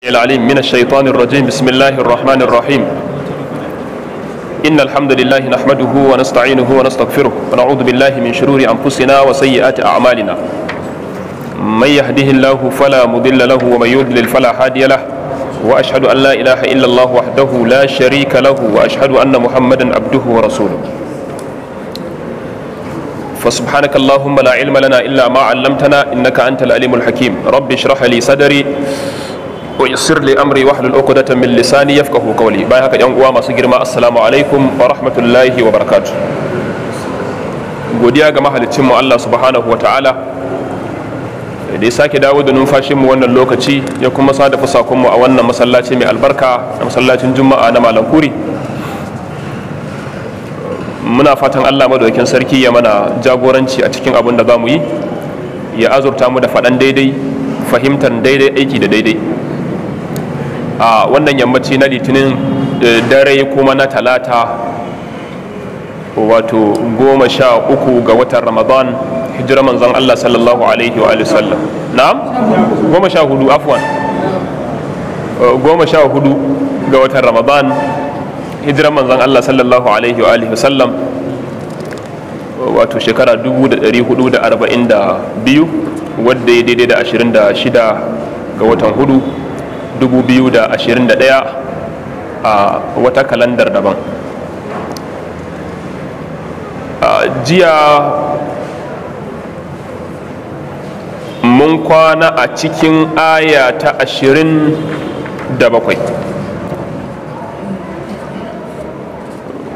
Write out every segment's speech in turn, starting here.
العليم من الشيطان الرجيم بسم الله الرحمن الرحيم إن الحمد لله نحمده ونستعينه ونستغفره ونعوذ بالله من شرور أنفسنا وسيئات أعمالنا من يهده الله فلا مضل له ومن يضلل فلا هادي له وأشهد أن لا إله إلا الله وحده لا شريك له وأشهد أن محمدا عبده ورسوله فسبحانك اللهم لا علم لنا إلا ما علمتنا إنك أنت العليم الحكيم رب اشرح لي صدري wa yassir li amri wahlul uqdatan min lisani yafqahu qawli bayan haka yan uwa masu girma assalamu alaikum wa rahmatullahi wa barakatuh godiya ga mahalicin mu Allah subhanahu wa ta'ala da ya sake dawo da numfashin mu wannan lokaci ya kuma sada fasakon mu a wannan masallaci mai albarka a masallacin juma'a na malam kuri muna fatan Allah madaukakin sarki ya mana jagoranci a cikin abin da za mu yi ya azurta mu da faɗan daidai fahimtar daidai aiki da daidai a wannan yammaci na litinin eh, dare kuma na talata wato goma sha uku ga watan ramadan hijira manzon allah sallallahu alaihi wa sallam na goma sha hudu afwan eh, goma sha hudu ga watan ramadan hijira manzon allah sallallahu alaihi wa sallam wato shekara 442 wadda ya daidai da 26 ga watan hudu 2021 a wata kalandar daban jiya mun kwana a cikin aya ta 27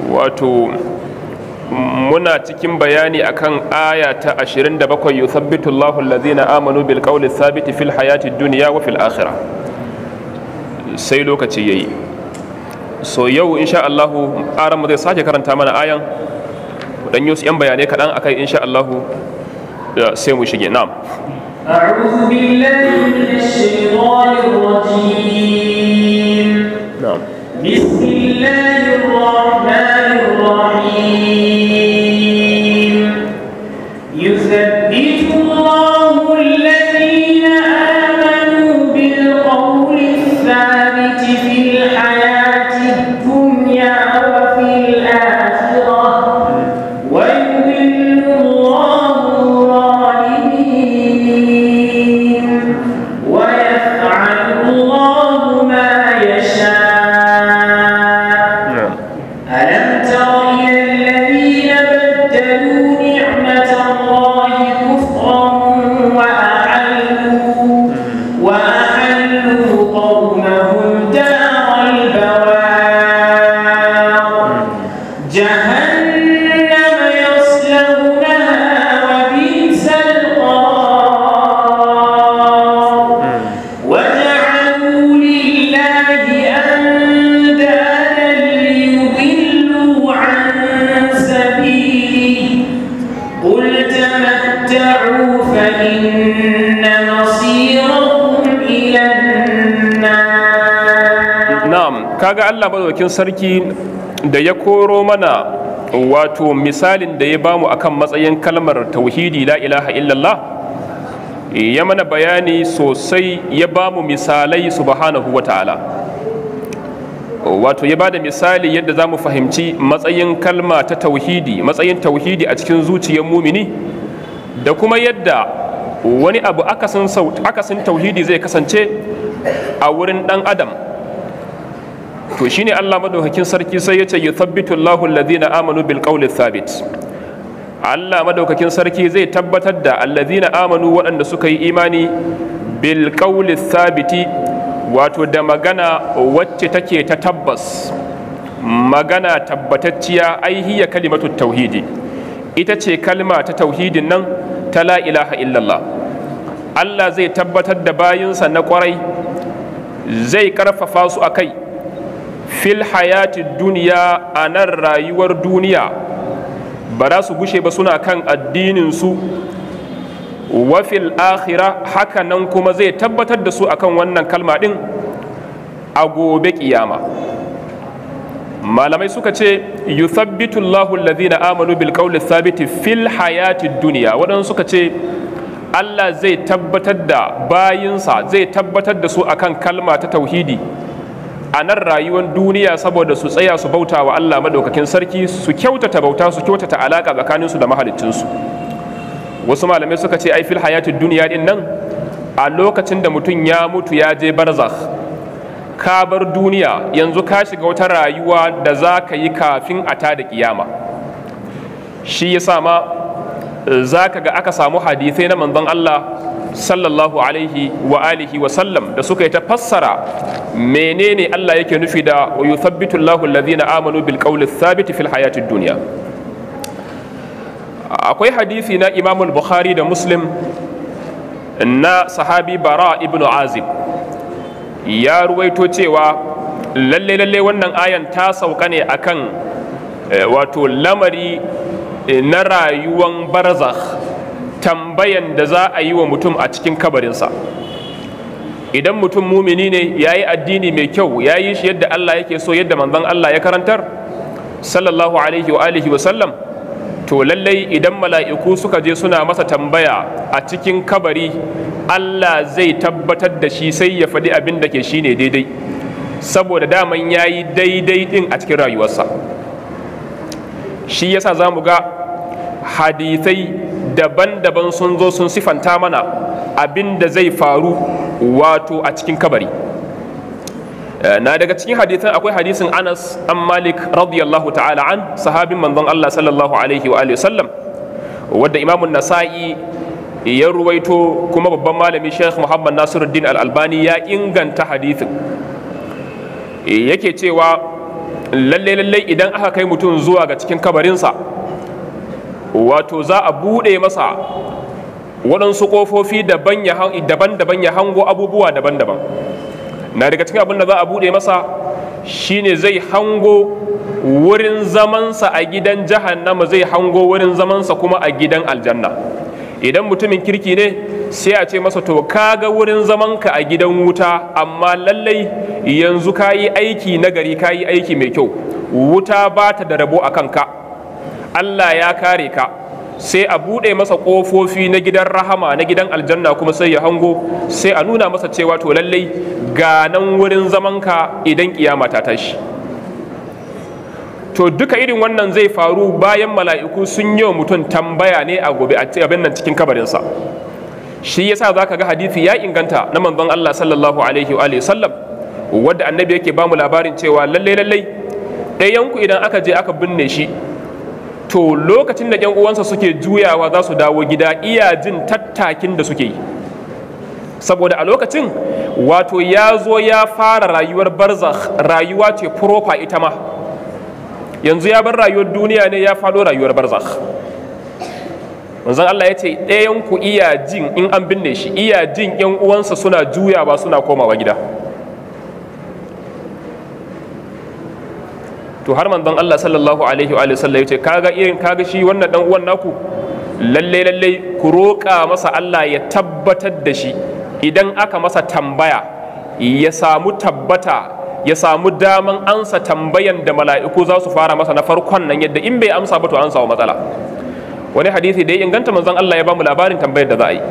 wato muna cikin bayani akan aya ta 27 yuthabbitu Allahu allazina amanu bil qawli thabiti fil hayati dunya wa fil akhirah sai lokaci ya yi so yau insha Allahu mu zai sake karanta mana ayan dan yi yan bayanai kaɗan akai insha Allahu sai mu shige na'am بسم الله الرحمن kaga Allah madaukakin sarki da ya koro mana wato misalin da ya bamu akan matsayin kalmar tauhidi la ilaha illallah ya mana bayani sosai ya bamu misalai subhanahu wa ta'ala wato ya bada misali yadda za mu fahimci matsayin kalma ta tauhidi matsayin tauhidi a cikin zuciyar mumini da kuma yadda wani abu akasin tauhidi zai kasance a wurin dan adam to shine Allah madaukakin sarki sai ya ce yuthabbitu Allahu alladhina amanu bil qawli thabit Allah madaukakin sarki zai tabbatar da alladhina amanu waɗanda suka yi imani bil qawli thabiti wato da magana wacce take ta tabbas magana tabbatacciya ai hiya kalimatu tauhidi ita ce kalma ta tauhidin nan ta la ilaha illallah Allah zai tabbatar da bayinsa na kwarai zai karfafa su a kai fil hayati duniya a nan rayuwar duniya ba za su gushe ba suna kan addininsu wa fil akhira haka nan kuma zai tabbatar da su akan wannan kalma din a gobe kiyama malamai suka ce yuthabbitu Allahu alladhina amanu bil qawli thabiti fil hayati duniya waɗansu suka ce Allah zai tabbatar da bayinsa zai tabbatar da su akan kalma ta tauhidi a nan rayuwar duniya saboda su tsaya su bauta wa Allah madaukakin sarki su kyautata bauta su kyautata alaka su da mahalicinsu wasu malamai suka ce ai fil hayatid duniya din nan a lokacin da mutum ya mutu ya je barzakh ka bar duniya yanzu ka shiga wata rayuwa da za ka yi kafin a ta da kiyama shi yasa ma eh, za ka ga aka samu hadisai na manzon Allah sallallahu alaihi wa alihi wa sallam da suka yi ta fassara menene Allah yake nufi da yuthabbitu Allahu alladhina amanu bil qawli thabit fil hayati dunya akwai hadisi na Imam al-Bukhari da Muslim na sahabi Bara ibn Azib ya ruwaito cewa lalle lalle wannan ayan ta sauka ne akan eh, wato lamari eh, na rayuwan barzakh tambayan da za a yi wa mutum a cikin kabarinsa idan mutum mumini ne ya yi addini mai kyau ya yi shi yadda Allah yake so yadda manzan Allah ya karantar sallallahu alaihi wa alihi wa sallam to lallai idan mala'iku suka je suna masa tambaya a cikin kabari Allah zai tabbatar da shi sai ya faɗi abin da ke shi ne daidai saboda daman ya yi daidai ɗin a cikin rayuwarsa shi yasa za mu ga hadisai. daban-daban sun zo sun sifanta mana abin da zai faru wato a cikin kabari eh, na daga cikin hadithan akwai hadisin Anas an Malik radiyallahu ta'ala an sahabin manzon Allah sallallahu alaihi wa sallam wadda Imam Nasa'i ya ruwaito kuma babban malami Sheikh Muhammad Nasiruddin Al-Albani ya inganta hadisin. Eh, yake cewa lalle lalle idan aka kai mutum zuwa ga cikin kabarinsa wato za a buɗe masa waɗansu ƙofofi daban-daban ya hango abubuwa daban-daban na daga cikin abin da za a buɗe masa shine zai hango wurin zamansa a gidan jahannama zai hango wurin zamansa kuma a gidan aljanna idan mutumin kirki ne sai a ce masa to kaga wurin zamanka a gidan wuta amma lallai yanzu ka yi aiki nagari ka yi aiki mai kyau wuta ba ta da rabo a kanka Allah ya kare ka sai a buɗe masa ƙofofi na gidan rahama na gidan aljanna kuma sai ya hango sai a nuna masa cewa to lallai ga nan wurin zamanka idan kiyama ta tashi to duka irin wannan zai faru bayan mala'iku sun yi mutum tambaya ne a gobe abin nan cikin kabarinsa shi yasa za ka ga hadithi ya inganta na manzon Allah sallallahu alaihi wa sallam wadda annabi yake bamu labarin cewa lallai lallai ɗayanku idan aka je aka binne shi to lokacin da 'yan uwansa suke juyawa za su dawo gida iya jin tattakin da suke yi saboda a lokacin wato ya zo ya fara rayuwar barzakh rayuwa ce furofa ita ma yanzu ya bar rayuwar duniya ne ya falo rayuwar barzakh manzon Allah ya ce ɗayan ku iya jin in an binne shi iya jin 'yan uwansa suna juyawa suna komawa gida to har manzon Allah sallallahu alaihi wa sallam yace kaga irin kaga shi wannan dan uwan naku lalle lalle ku roƙa masa Allah ya tabbatar da shi idan aka masa tambaya ya samu tabbata ya samu daman ansa tambayan da mala'iku za su fara masa na farkon nan yadda in bai amsa ba to an samu matsala wani hadisi da ya inganta manzon Allah ya bamu labarin tambayar da za a yi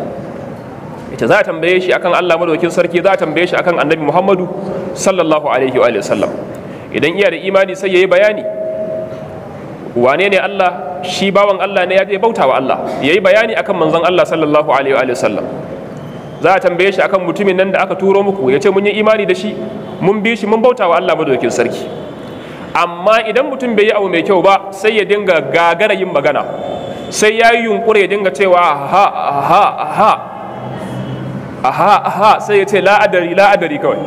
ita za a tambaye shi akan Allah madaukakin sarki za a tambaye shi akan Annabi Muhammadu sallallahu alaihi wa sallam idan iya da imani sai yayi bayani wane ne Allah shi bawan Allah ne ya je bauta wa Allah yi bayani akan manzon Allah sallallahu alaihi wa sallam za a tambaye shi akan mutumin nan da aka turo muku ya ce mun yi imani da shi mun bi shi mun bauta wa Allah madaukin sarki amma idan mutum bai yi abu mai kyau ba sai ya dinga gagara yin magana sai ya yi yunkuri ya dinga cewa ha ha ha aha aha sai ya ce la'adari la'adari kawai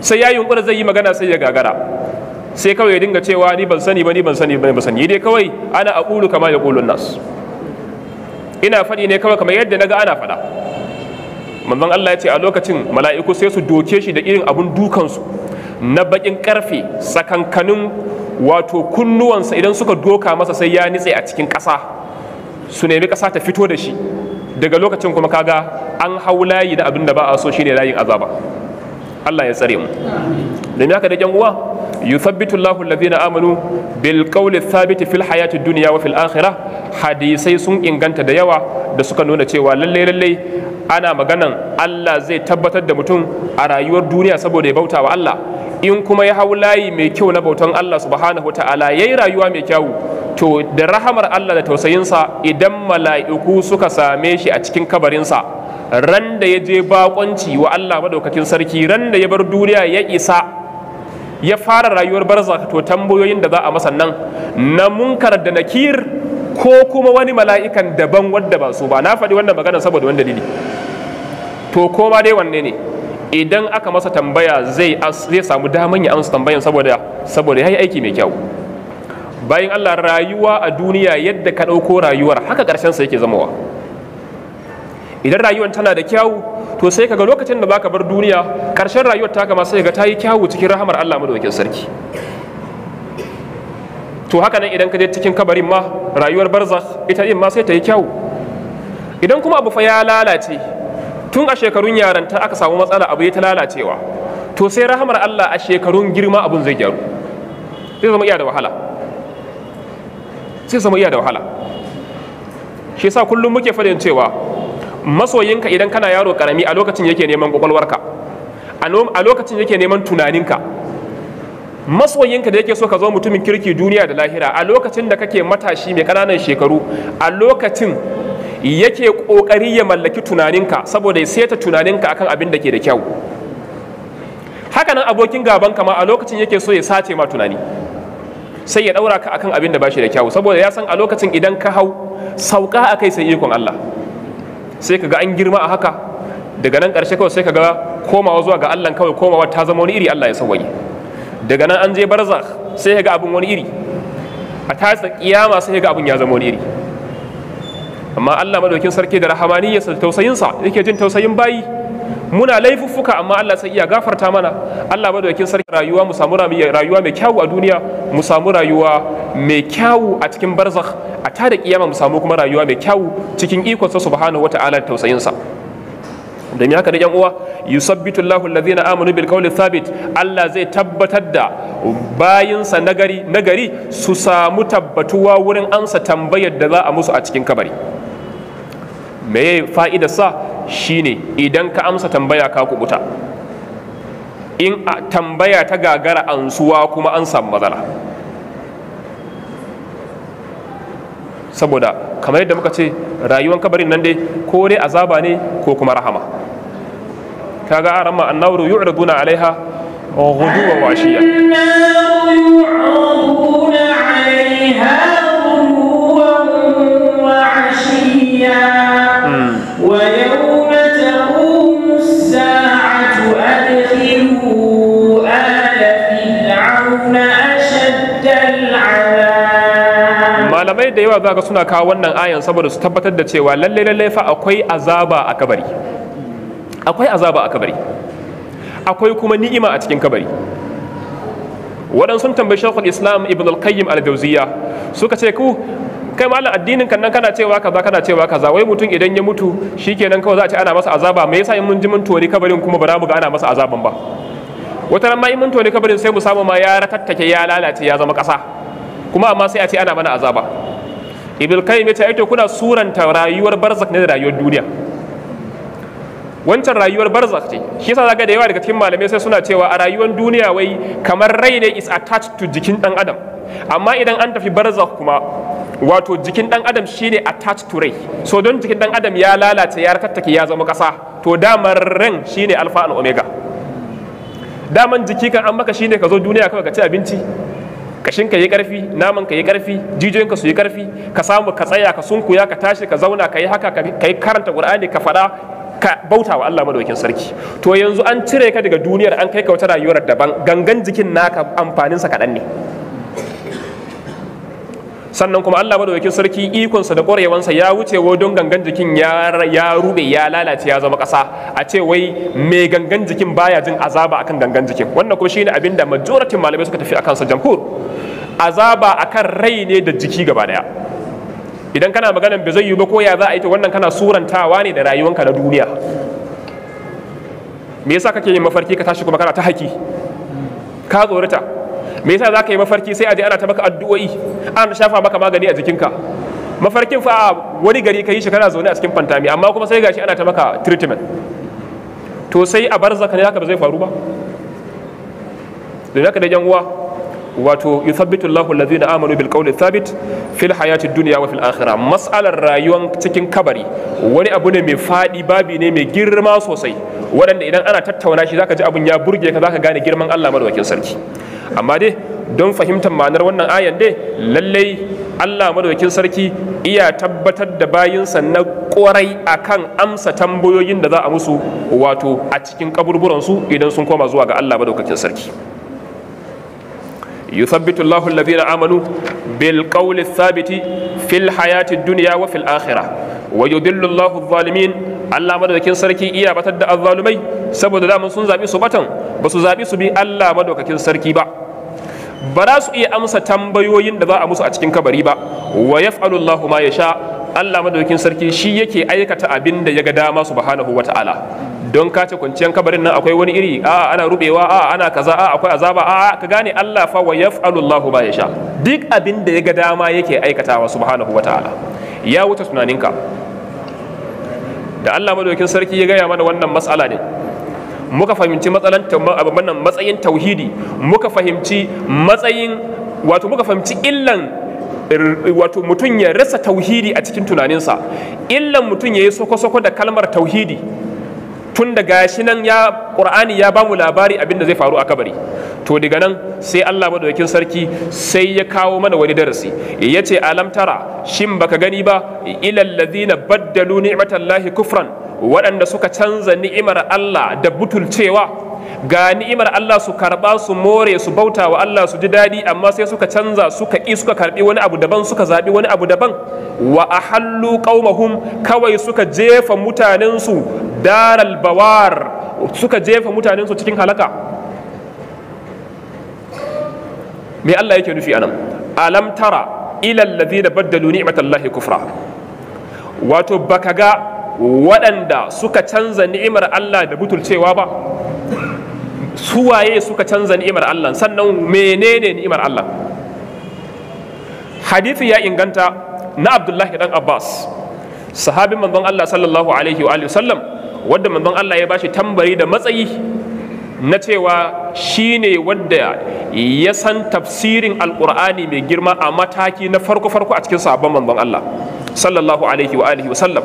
sai ya yunkuri zai yi magana sai ya gagara sai kawai ya dinga cewa ni ban sani ba ni ban sani ba ni ban sani dai kawai ana aqulu kama yaqulun nas ina faɗi ne kawai kamar yadda naga ana faɗa manzon Allah ya ce a lokacin mala'iku sai su doke shi da irin abun dukansu na bakin karfe sakankanin wato kunnuwansa idan suka doka masa sai ya nitse a cikin ƙasa su nemi ƙasa ta fito da shi daga lokacin kuma kaga an hau layi da abin da ba a so shine layin azaba Allah ya tsare mu domin haka da yan uwa yuthabbitu Allahu alladhina amanu bil qawli thabiti fil hayati dunya wa fil akhirah hadisai sun inganta da yawa da suka nuna cewa lallai-lallai ana maganan Allah zai tabbatar da mutum a rayuwar duniya saboda ya bauta wa Allah in kuma ya hau layi mai kyau na bautan Allah subhanahu ta'ala yi rayuwa mai kyau to da rahamar Allah da tausayinsa idan mala'iku suka same shi a cikin kabarinsa ran da ya je bakonci wa Allah madaukakin sarki ran da ya bar duniya ya isa ya fara rayuwar barza to tambayoyin da za a masa nan na munkar da nakir ko kuma wani mala'ikan daban wadda ba su ba na faɗi wannan magana saboda wani dalili to koma dai wanne ne idan aka masa tambaya zai samu daman ya amsa tambayan saboda saboda yi aiki mai kyau bayan Allah rayuwa a duniya yadda ka ɗauko rayuwar haka ƙarshen sa yake zamowa idan rayuwar tana da kyau, to sai kaga lokacin da baka bar duniya ƙarshen rayuwar ta kama sai ga ta yi kyau cikin rahamar Allah madawakin sarki to haka nan idan ka je cikin kabarin ma rayuwar barzakh ita din ma sai ta yi kyau. idan kuma abu fa ya lalace tun a shekarun yaran ta aka samu matsala abu ya ta lalacewa to sai rahamar Allah a shekarun girma abun zai gyaru zai zama iya da wahala sai zama iya da wahala shi sa kullum muke fadin cewa masoyinka idan kana yaro karami a lokacin yake neman kwakwalwarka a lokacin yake neman tunaninka masoyinka da yake so ka zo mutumin kirki duniya da lahira a lokacin da kake matashi mai ƙananan shekaru a lokacin yake kokari ya mallaki tunaninka saboda ya seta tunaninka akan abin da ke da kyau hakanan abokin gaban kama a lokacin yake so ya sace ma tunani sai ya daura ka akan abin da bashi da kyau saboda ya san a lokacin idan ka hau sauka kai sai ikon Allah sai kaga an girma a haka daga nan karshe kawai sai ga komawa zuwa ga Allah kawai komawa ta zama wani iri Allah ya sauwaye daga nan an je barzakh sai ga abin wani iri a tasa kiyama sai ga abin ya zama wani iri amma Allah madaukin sarki da rahamaniyarsa da tausayinsa yake jin tausayin bayi muna laifuffuka amma Allah sai iya gafarta mana Allah madaukin sarki rayuwa mu samu rayuwa mai kyawu a duniya mu samu rayuwa mai kyawu a cikin barzakh a tada kiyama mu samu kuma rayuwa mai kyawu cikin ikon sa subhanahu wata'ala da tausayin sa da mi haka da yan uwa yusabbitu Allahu alladhina amanu bil qawli thabit Allah zai tabbatar da bayinsa nagari nagari su samu tabbatuwa wurin ansa tambayar da za a musu a cikin kabari meye fa'idar sa shi ne idan ka amsa tambaya ka kubuta in a tambaya ta gagara ansuwa kuma an samu matsala saboda kamar yadda muka ce rayuwar kabarin nan dai ko dai azaba ne ko kuma rahama kaga a ma annawru yu'raduna alaiha ghuduwa washiya wa kafirai da yawa za ka suna kawo wannan ayan saboda su tabbatar da cewa lalle lalle fa akwai azaba a kabari akwai azaba a kabari akwai kuma ni'ima a cikin kabari waɗansu sun tambayi shekul islam ibn al-qayyim al-jawziya suka ce ku kai malam addinin kan nan kana cewa kaza kana cewa kaza wai mutum idan ya mutu shikenan kawai za a ce ana masa azaba me yasa in mun ji mun tori kabarin kuma ba za mu ga ana masa azaban ba wata ran ma in mun tori kabarin sai mu samu ma ya ratattake ya lalace ya zama kasa kuma amma sai a ce ana mana azaba ibn ya yace aito kuna suranta rayuwar barzak ne da rayuwar duniya wancan rayuwar barzak ce shi yasa zaga da yawa daga cikin malamai sai suna cewa a rayuwar duniya wai kamar rai ne is attached to jikin dan adam amma idan an tafi barzak kuma wato jikin dan adam shine attached to rai so don jikin dan adam ya lalace ya tattake ya zama kasa to damar ran shine alfa and omega daman jiki kan an maka shine ka zo duniya kawai ka ci abinci kashin ka yi karfi naman ka yi karfi ka su yi karfi ka samu ka tsaya ka sunkuya ka tashi ka zauna ka yi haka ka yi karanta qur'ani ka faɗa ka bauta wa Allah madaukin sarki to yanzu an cire ka daga duniyar an kai ka wata rayuwar daban gangan jikin naka amfanin sa kaɗan ne sannan kuma Allah madaukakin sarki ikonsa da ƙwarewansa ya wuce don gangan jikin ya rube ya lalace ya zama ƙasa a ce wai mai gangan jikin baya jin azaba akan gangan jikin wannan kuma shine abin da majoratin malamai suka tafi akan sa jamhur azaba akan rai ne da jiki gaba daya idan kana magana bai zai yi ba ko ya za a yi ta wannan kana surantawa ne da rayuwanka na duniya me yasa kake yin mafarki ka tashi kuma kana ta haki ka tsorata me yasa za ka yi mafarki sai a je ana ta maka addu'o'i ana shafa maka magani a jikinka mafarkin fa wani gari ka yi shi kana zaune a cikin fantami amma kuma sai gashi ana ta maka treatment to sai a barzaka ne haka ba zai faru ba da haka da yan uwa wato yuthabbitu Allahu allazina amanu bil qawli thabit fil hayati dunya wa fil akhirah mas'alar rayuwar cikin kabari wani abu ne mai fadi babi ne mai girma sosai waɗanda idan ana tattauna shi zaka ji abun ya burge ka zaka gane girman Allah madaukakin sarki amma dai don fahimtar ma'anar wannan ayan dai lallai Allah madaukakin sarki iya tabbatar da bayinsa na kwarai akan amsa tambayoyin da za a musu wato a cikin kaburburansu idan sun koma zuwa ga Allah madaukakin sarki yuthabbitu Allahu alladhina amanu bil qawli thabiti fil hayati dunya wa fil akhirah wa yudillu Allahu Allah madaukakin sarki iya batar da azzalumai saboda da sun zabi su batan basu su zabi su bi Allah madaukakin sarki ba ba za su iya amsa tambayoyin da za a musu a cikin kabari ba wa yaf'alu ma ya sha Allah madaukakin sarki shi yake aikata abinda ya ga dama subhanahu wata'ala don kace kwanciyar kabarin nan akwai wani iri a ana rubewa a ana kaza a akwai azaba a ka gane Allah fa wa yaf'alu Allah ba ya sha. duk abin da ya ga dama yake aikatawa subhanahu wataala ya wuce tunaninka da Allah madaukin sarki ya gaya mana wannan matsala ne muka fahimci matsalan wannan matsayin tauhidi muka fahimci matsayin wato muka fahimci illan er, wato mutum ya rasa tauhidi a cikin tunaninsa illan mutum ya yi soko-soko da kalmar tauhidi tun da gashi nan ya qur'ani ya bamu labari abin da zai faru a kabari to daga nan sai Allah madaukakin sarki sai ya kawo mana wani darasi yace alam tara shin baka gani ba ilal ladina baddalu ni'matallahi kufran waɗanda suka canza ni'imar Allah da butulcewa ga ni'imar Allah su karba su more su bauta wa Allah su ji daɗi amma sai suka canza suka ƙi suka karɓi wani abu daban suka zaɓi wani abu daban wa hallu qaumahum kawai suka jefa mutanensu daral bawar suka jefa mutanensu cikin halaka me Allah yake nufi anan alam tara ila alladhina baddalu ni'matallahi kufra wato baka ga waɗanda suka canza ni'imar Allah da butulcewa ba suwaye suka canza ni'imar Allah sannan menene ni'imar Allah hadithi ya inganta na Abdullahi dan Abbas sahabin manzon Allah sallallahu alaihi wa sallam wanda manzon Allah ya bashi tambari da matsayi na cewa shi ne wanda ya san tafsirin alqur'ani mai girma a mataki na farko farko a cikin sahabban manzon Allah sallallahu alaihi wa wa sallam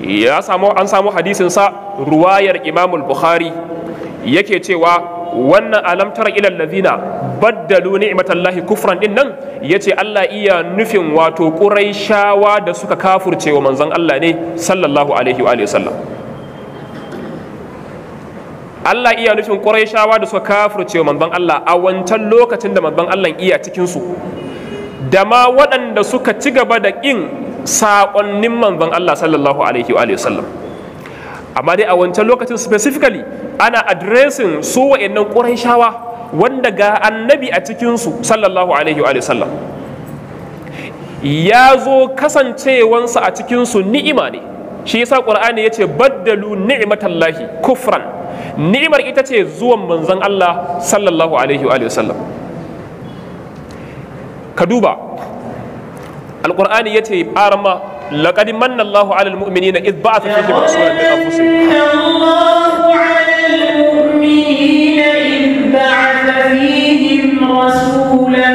ya samu an samu hadisin sa ruwayar Imam Bukhari yake cewa wannan alamtar tara ilal ladina baddalu ni'matallahi kufran din nan yace Allah iya nufin wato Quraishawa da suka kafurce wa manzon Allah ne sallallahu alaihi wa sallam Allah iya nufin Quraishawa da suka kafurce wa manzon Allah a wancan lokacin da manzon Allah iya cikin su da ma waɗanda suka ci gaba da ƙin saƙonnin manzon Allah sallallahu alaihi wa sallam amma dai a wancan lokacin specifically ana addressing su wa'annan shawa wanda ga annabi a cikinsu sallallahu alaihi wa sallam ya zo kasancewansa a cikinsu ni'ima ne shi yasa qur'ani yace baddalu ni'matallahi kufran ni'imar ita ce zuwan manzon Allah sallallahu alaihi wa sallam ka duba القرآن يتي أرما لقد من الله على المؤمنين إذ بعث فيهم رسولا من أنفسهم. الله على المؤمنين إذ بعث فيهم رسولا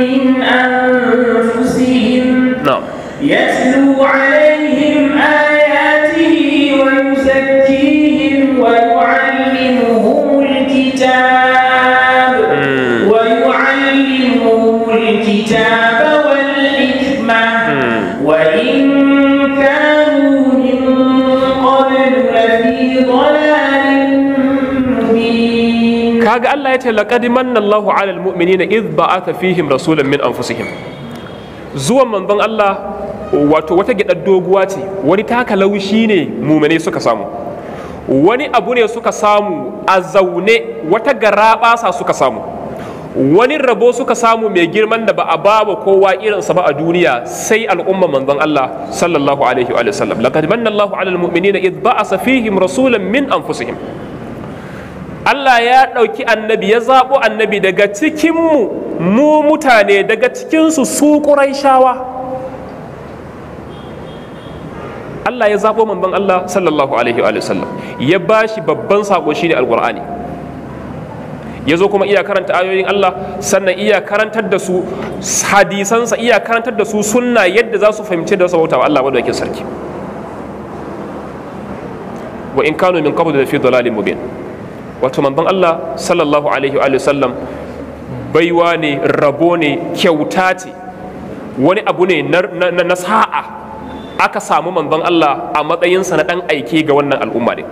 من أنفسهم. نعم. يتلو kaga Allah ya ce laqad manna Allahu 'alal mu'minina id ba'atha fihim rasulan min anfusihim zuwan manzon Allah wato wata gidar doguwa ce wani taka laushi ne mumane suka samu wani abu ne suka samu a zaune wata gara-basa suka samu wani rabo suka samu mai girman da ba a ba wa kowa irinsa ba a duniya sai al'umma manzon Allah sallallahu alaihi wa sallam laqad manna Allahu 'alal mu'minina id ba'atha fihim rasulan min anfusihim Allah ya ɗauki annabi ya zaɓo annabi daga cikinmu mu mutane daga cikinsu su shawa. Allah ya zaɓo manzon Allah sallallahu alaihi wa sallam ya ba shi babban saƙo shine alƙur'ani ya zo kuma iya karanta ayoyin Allah sannan iya karantar da su hadisansa iya karantar da su sunna yadda za su fahimci da su bauta wa Allah madaukakin sarki wa in kanu min qabl da fi dalalin mubin wato manzon Allah sallallahu alaihi wa sallam baiwa ne rabo ne kyauta ce wani abu ne na sa'a aka samu manzon Allah a matsayinsa na ɗan aike ga wannan al'umma ne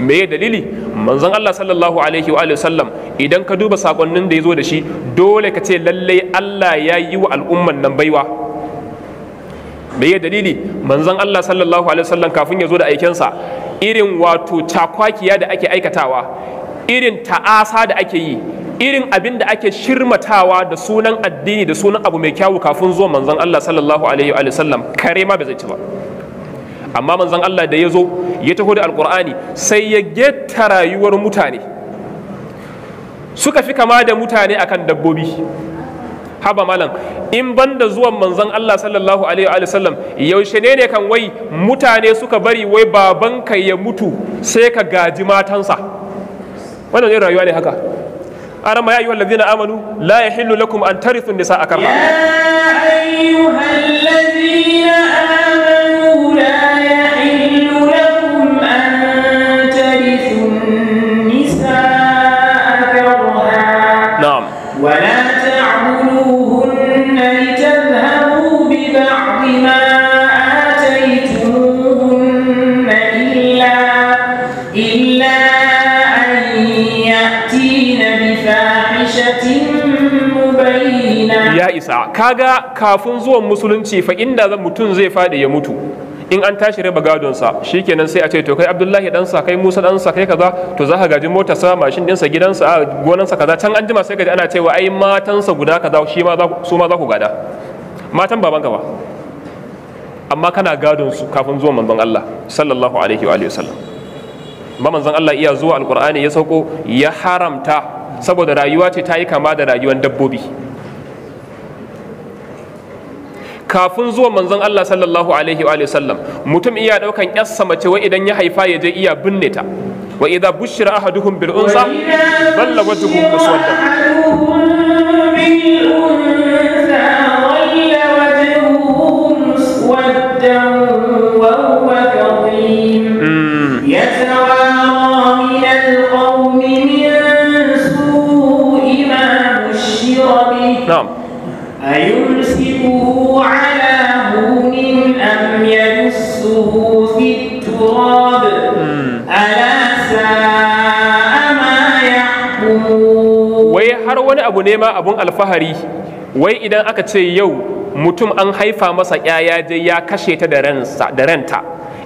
me dalili manzon Allah sallallahu alaihi wa sallam idan ka duba sakonnin da ya zo da shi dole ka ce lallai Allah ya yi wa al'umman nan baiwa da ya dalili manzon Allah sallallahu alaihi wasallam kafin ya zo da aikensa irin wato cakwakiya da ake aikatawa irin ta'asa da ake yi irin abin da ake shirmatawa da sunan addini da sunan abu mai kyawu kafin zuwa manzon Allah sallallahu alaihi wasallam kare ma bai ci ba amma manzon Allah da ya zo ya taho da alkur'ani sai ya geta rayuwar mutane suka fi kama da mutane akan dabbobi haba malam in banda zuwan manzon Allah sallallahu alaihi wa sallam yaushe ne ne kan wai mutane suka bari wai babanka ya mutu sai ka gaji matansa wannan ne rayuwa ne haka أنا ما يا أيها الذين آمنوا لا يحل لكم أن ترثوا النساء كرها يا أيها الذين آمنوا isa kaga kafin zuwan musulunci fa inda mutum zai faɗi ya mutu in an tashi raba gadonsa shikenan sai a ce to kai abdullahi ɗansa kai musa ɗansa kai kaza to za ka gaji sa mashin gidan gidansa a gonansa kaza can an jima sai gaji ana cewa ai matansa guda kaza shi ma su ma za ku gada matan baban ka ba amma kana gadon su kafin zuwan manzon Allah sallallahu alaihi wa alihi wasallam ba manzon Allah iya zuwa alqur'ani ya sauko ya haramta saboda rayuwa ce ta yi kama da rayuwar dabbobi kafin zuwa manzon Allah sallallahu alaihi wa sallam mutum iya daukan yassa mace wai idan ya haifa ya je iya binne ta wa idza bushira ahaduhum bil unsa balla wajhuhu muswadda نعم أيمسك wai har wani abu ne ma abun alfahari wai idan aka ce yau mutum an haifa masa yaya dai ya kashe ta da ranta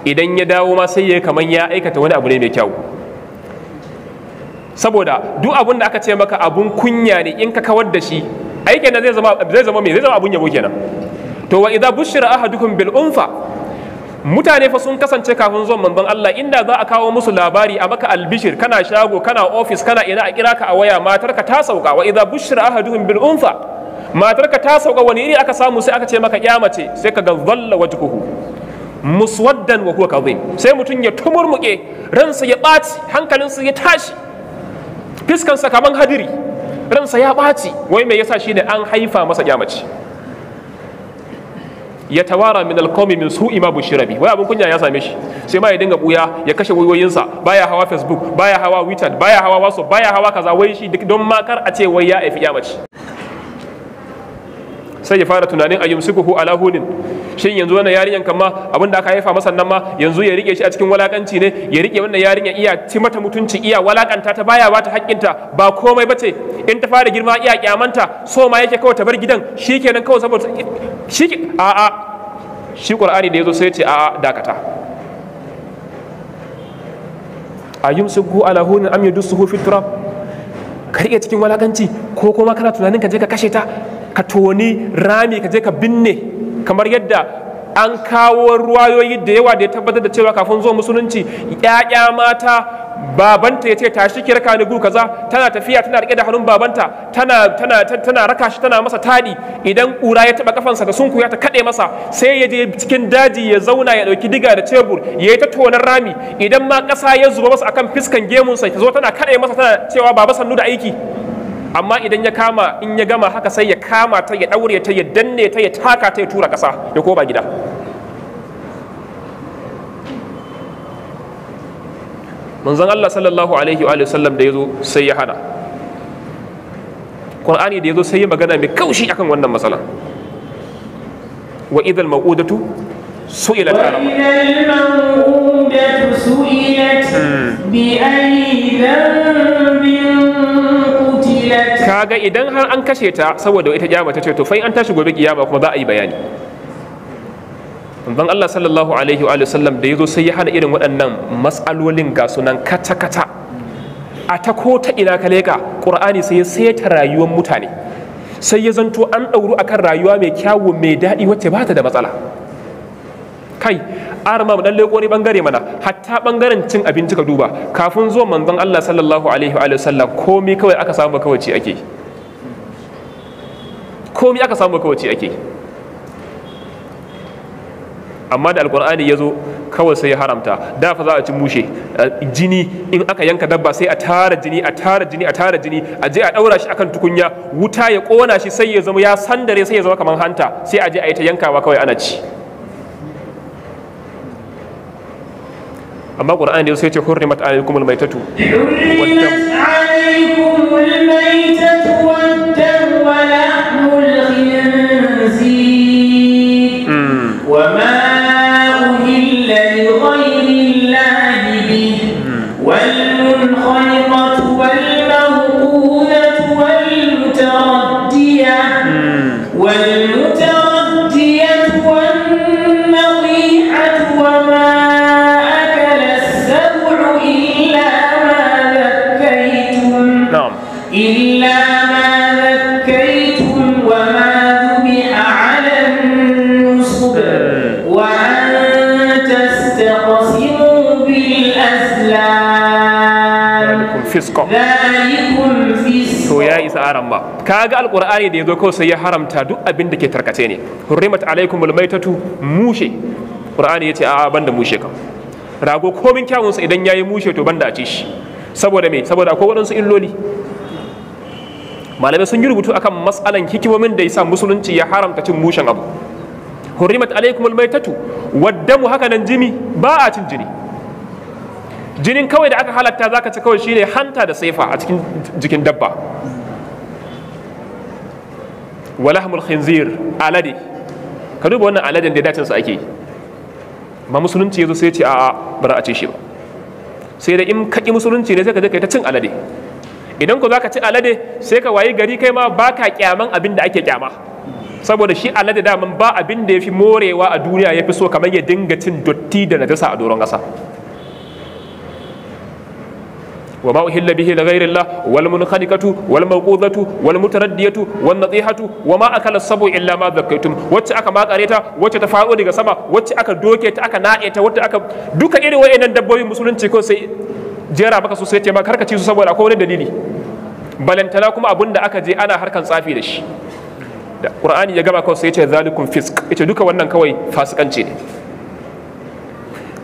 idan ya dawo ma sai ya kamar ya aikata wani abu ne mai kyau saboda duk abun da aka ce maka abun kunya ne in ka kawar da shi aikin da zai zama zai zama me zai zama abun yabo kenan to wa idza bushira ahadukum bil unfa mutane fa sun kasance kafin zuwan manzon Allah inda za a kawo musu labari a maka albishir kana shago kana ofis kana ina a kira ka a waya matarka ta sauka wa idza bushira ahadukum bil unfa matarka ta sauka wani iri aka samu sai aka ce maka kyamace sai ka ga dhalla wajhuhu muswaddan wa huwa kadhim sai mutun ya tumurmuke ransa ya ɓaci hankalinsa ya tashi fiskansa kaman hadiri ransa ya ɓaci wai mai yasa shine an haifa masa kyamaci ya tawara min alqawmi min su ima bushira bi wai abun kunya ya same shi sai ma ya dinga buya ya kashe wayoyinsa baya hawa facebook baya hawa ba baya hawa whatsapp baya hawa kaza wai shi don don makar a ce wai ya haifi kyamaci sai ya fara tunanin a yumsikuhu ala hunin shin yanzu wannan yarinyan kan abin da aka haifa masa nan ma yanzu ya rike shi a cikin walakanci ne ya rike wannan yarinyan iya ci mata mutunci iya walakanta ta baya ba bata haƙƙinta ba komai ba ce in ta fara girma iya kyamanta so ma yake kawai ta bar gidan shikenan kawai saboda shi a a shi qur'ani da yazo sai ce a dakata a yumsikuhu ala hunin am yadussuhu turab ka riƙe cikin walakanci ko kuma kana tunanin ka je ka kashe ta ka toni rami ka je ka binne kamar yadda an kawo ruwayoyi da yawa da ya tabbatar da cewa kafin zuwa musulunci yaya mata babanta ya ce tashi ki raka ni gu kaza tana tafiya tana rike da hannun babanta tana raka shi tana masa tadi idan kura ya taba kafansa da sunkuya ta kade masa sai ya je cikin daji ya zauna ya ɗauki diga da cebur ya yi ta tonar rami idan ma ƙasa ya zuba masa akan fiskan gemunsa ta zo tana kade masa tana cewa baba sannu da aiki amma idan ya kama in ya gama haka sai ya kama ta ya daure ta ya danne ta ya taka ta ya tura kasa ya koma gida manzon Allah sallallahu alaihi wa sallam da yazo sai ya hana Qur'ani da yazo sai ya magana mai kaushi akan wannan matsala wa idhal maw'udatu su'ilat wa idhal maw'udatu su'ilat hmm. bi ayyi dhanbin kaga idan har an kashe ta saboda ita ja ta ce to fa an tashi gobe kiyama kuma za a yi bayani ban Allah sallallahu alaihi wa sallam da yazo sai ya hana irin waɗannan matsalolin ga sunan kata kata a ta ko ta ina ka leka qur'ani sai ya saita rayuwar mutane sai ya zanto an ɗauru akan rayuwa mai kyawu mai daɗi wacce ba ta da matsala kai arma mu dan leko ne bangare mana hatta bangaren cin abinci ka duba kafin zuwan manzon Allah sallallahu alaihi wa sallam komai kawai aka samu kawaci ake komai aka samu ake amma da alkur'ani ya zo kawai sai ya haramta da fa za a ci mushe jini in aka yanka dabba sai a tara jini a tara jini a tara jini a je a daura shi akan tukunya wuta ya kona shi sai ya zama ya sandare sai ya zama kamar hanta sai a je a yi ta yankawa kawai ana ci amma qur'ani da sai ce hurrimat alaykum almaytatu hurrimat alaykum almaytatu wad-dam wa fiskon to ya isa aran ba kaga alqur'ani da yazo kawai sai ya haramta duk abin da ke tarkace ne hurrimat alaikumul maitatu mushe qur'ani yace a'a banda mushe kam rago komin kyawunsa idan yayi mushe to banda a ci shi saboda me saboda akwai wadansu illoli malamai sun yi rubutu akan matsalan hikimomin da yasa musulunci ya haramta cin mushen abu hurrimat alaikumul maitatu waddamu haka nan jimi ba a cin jini jinin kawai da aka halatta zaka ci kawai shine hanta da saifa a cikin jikin dabba walahmul khinzir alade ka duba wannan aladen da dacin sa ake ma musulunci yazo sai ce a bar a ce shi ba sai da in kaki musulunci ne sai ka je kai ta cin alade idan ku zaka ci alade sai ka wayi gari kai ma baka kyaman abin da ake kyama saboda shi alade daman ba abin da yafi morewa a duniya yafi so kamar ya dinga cin dotti da najasa a doron ƙasa wa ma uhilla bihi li ghayri Allah wal munkhaliqatu wal mawqudatu wal mutaraddiyatu wan nadihatu wa ma akala sabu illa ma zakaitum wacce aka makare ta wacce ta fado daga sama wacce aka doke ta aka nade ta wacce aka duka irin wayannan dabbobin musulunci ko sai jera maka su sai ce ma su saboda akwai wani dalili balantana kuma abin da aka je ana harkan tsafi da shi da qur'ani ya gaba kawai sai ya ce zalikum fisk ita duka wannan kawai fasikanci ne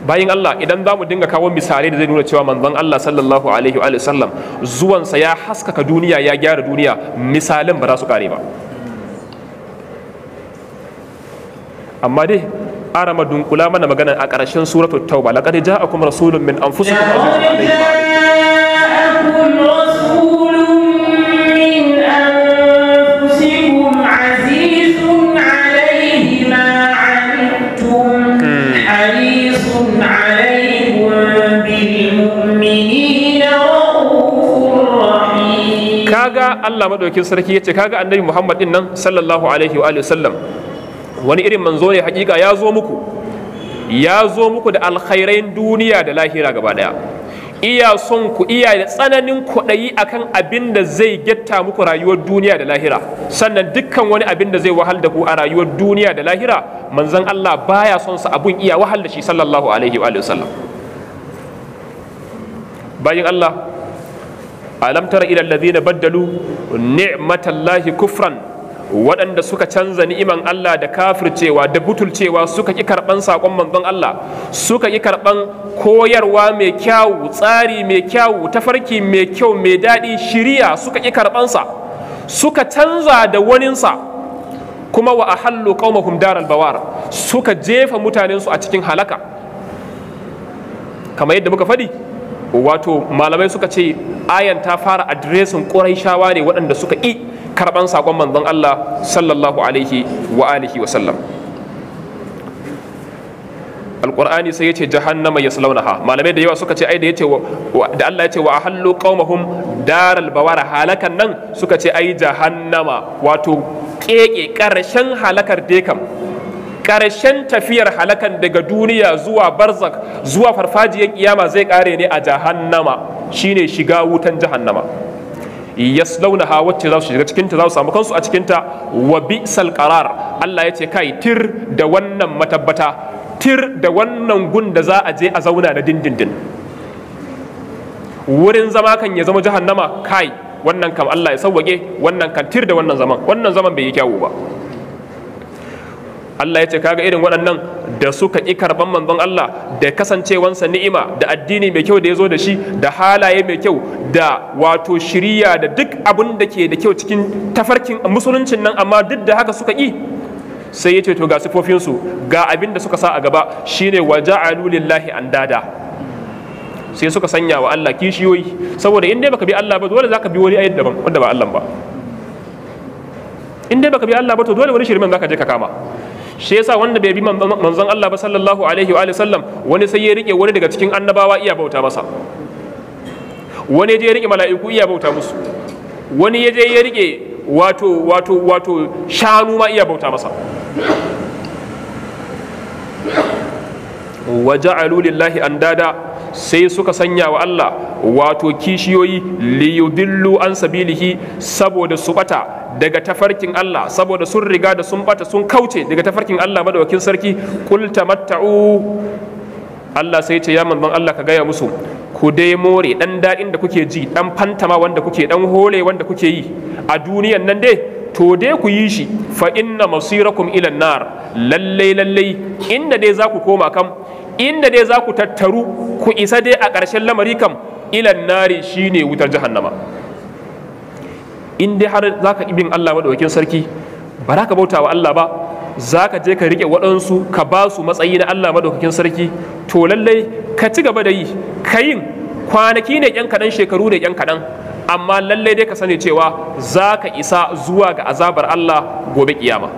bayin Allah idan za mu dinga kawo misalai da zai nuna cewa manzon Allah sallallahu alaihi wa sallam zuwansa ya haskaka duniya ya gyara duniya misalin ba za su kare ba amma dai arama dunkula mana magana a ƙarshen suratul tauba laqad ja'akum rasulun min anfusikum azizun haka Allah madaukin sarki ya ce kaga annabi Muhammad din nan sallallahu alaihi wa sallam wani irin manzo ne hakika ya zo muku ya zo muku da alkhairain duniya da lahira gaba daya iya son ku iya da tsananin kwaɗayi akan abin da zai getta muku rayuwar duniya da lahira sannan dukkan wani abin da zai wahal da ku a rayuwar duniya da lahira manzon Allah baya son sa abun iya wahal da shi sallallahu alaihi wa sallam bayin Allah alam tara ila alladhina baddalu ni'matallahi kufran waɗanda suka canza ni'iman Allah da kafircewa da butulcewa suka ƙi karɓan saƙon manzon Allah suka ƙi karɓan koyarwa mai kyawu tsari mai kyawu tafarki mai kyau mai daɗi shiriya suka ƙi karɓansa suka canza da waninsa kuma wa ahallu qaumahum daral bawar suka jefa mutanensu a cikin halaka kamar yadda muka faɗi wato malamai suka ce ayan ta fara adiresin shawa ne waɗanda suka ƙi karɓan saƙon manzon Allah sallallahu alaihi wa alihi wa sallam alqur'ani sai yace jahannama yaslaunaha malamai da yawa suka ce ai da yace da Allah yace wa ahallu qaumahum daral bawara halakan nan suka ce ai jahannama wato keke ƙarshen halakar dekam ƙarshen tafiyar halakan daga duniya zuwa barzak zuwa farfajiyar kiyama zai kare ne a jahannama shine shiga wutan jahannama ha wacce za su shiga cikinta za su samu kansu a cikinta wa bi qarar Allah ya ce kai tir da wannan matabbata tir da wannan gun da za a je a zauna na dindindin wurin zama kan ya zama jahannama kai wannan kam Allah ya sauwake wannan kan tir da wannan zaman wannan zaman bai yi kyawu ba Allah ya ce kaga irin waɗannan da suka ƙi karɓan manzon Allah da kasancewansa ni'ima da addini mai kyau da ya zo da shi da halaye mai kyau da wato shiriya da duk abin da ke da kyau cikin tafarkin musuluncin nan amma duk da haka suka ƙi sai ya ce to ga sifofinsu ga abin da suka sa a gaba shine wa ja'alu lillahi andada sai suka sanya wa Allah kishiyoyi saboda in dai baka bi Allah ba dole zaka bi wani ayyuka daban wanda ba Allah ba in dai baka bi Allah ba to dole wani shirmin zaka je ka kama shi yasa wanda bai bi manzon Allah ba sallallahu alaihi wa sallam wani sai ya rike wani daga cikin annabawa iya bauta masa wani ya je ya rike mala'iku iya bauta musu wani ya je ya rike wato wato wato shanu ma iya bauta masa wa ja'alu lillahi andada sai suka sanya wa Allah wato kishiyoyi liyudillu an sabilihi saboda su bata daga tafarkin Allah saboda sun riga da sun bata sun kauce daga tafarkin Allah madawakin sarki kul tamatta'u Allah sai ce ya manzon Allah ka gaya musu ku dai more dan daɗin da kuke ji dan fantama wanda kuke dan hole wanda kuke yi a duniyan nan dai to dai ku yi shi fa inna masirakum ilan nar lallai lallai inda dai za ku koma kam inda dai za ku tattaru ku isa dai a ƙarshen lamari kam ilan nari shi ne wutar jahannama in dai har za ka ibin Allah madawakin sarki ba za ka bauta wa Allah ba za ka je ka riƙe waɗansu ka ba su matsayi na Allah maɗaukakin sarki to lallai ka ci gaba da yi ka yin kwanaki ne ƴan kaɗan shekaru ne ƴan kaɗan amma lallai dai ka sani cewa za ka isa zuwa ga azabar Allah gobe kiyama.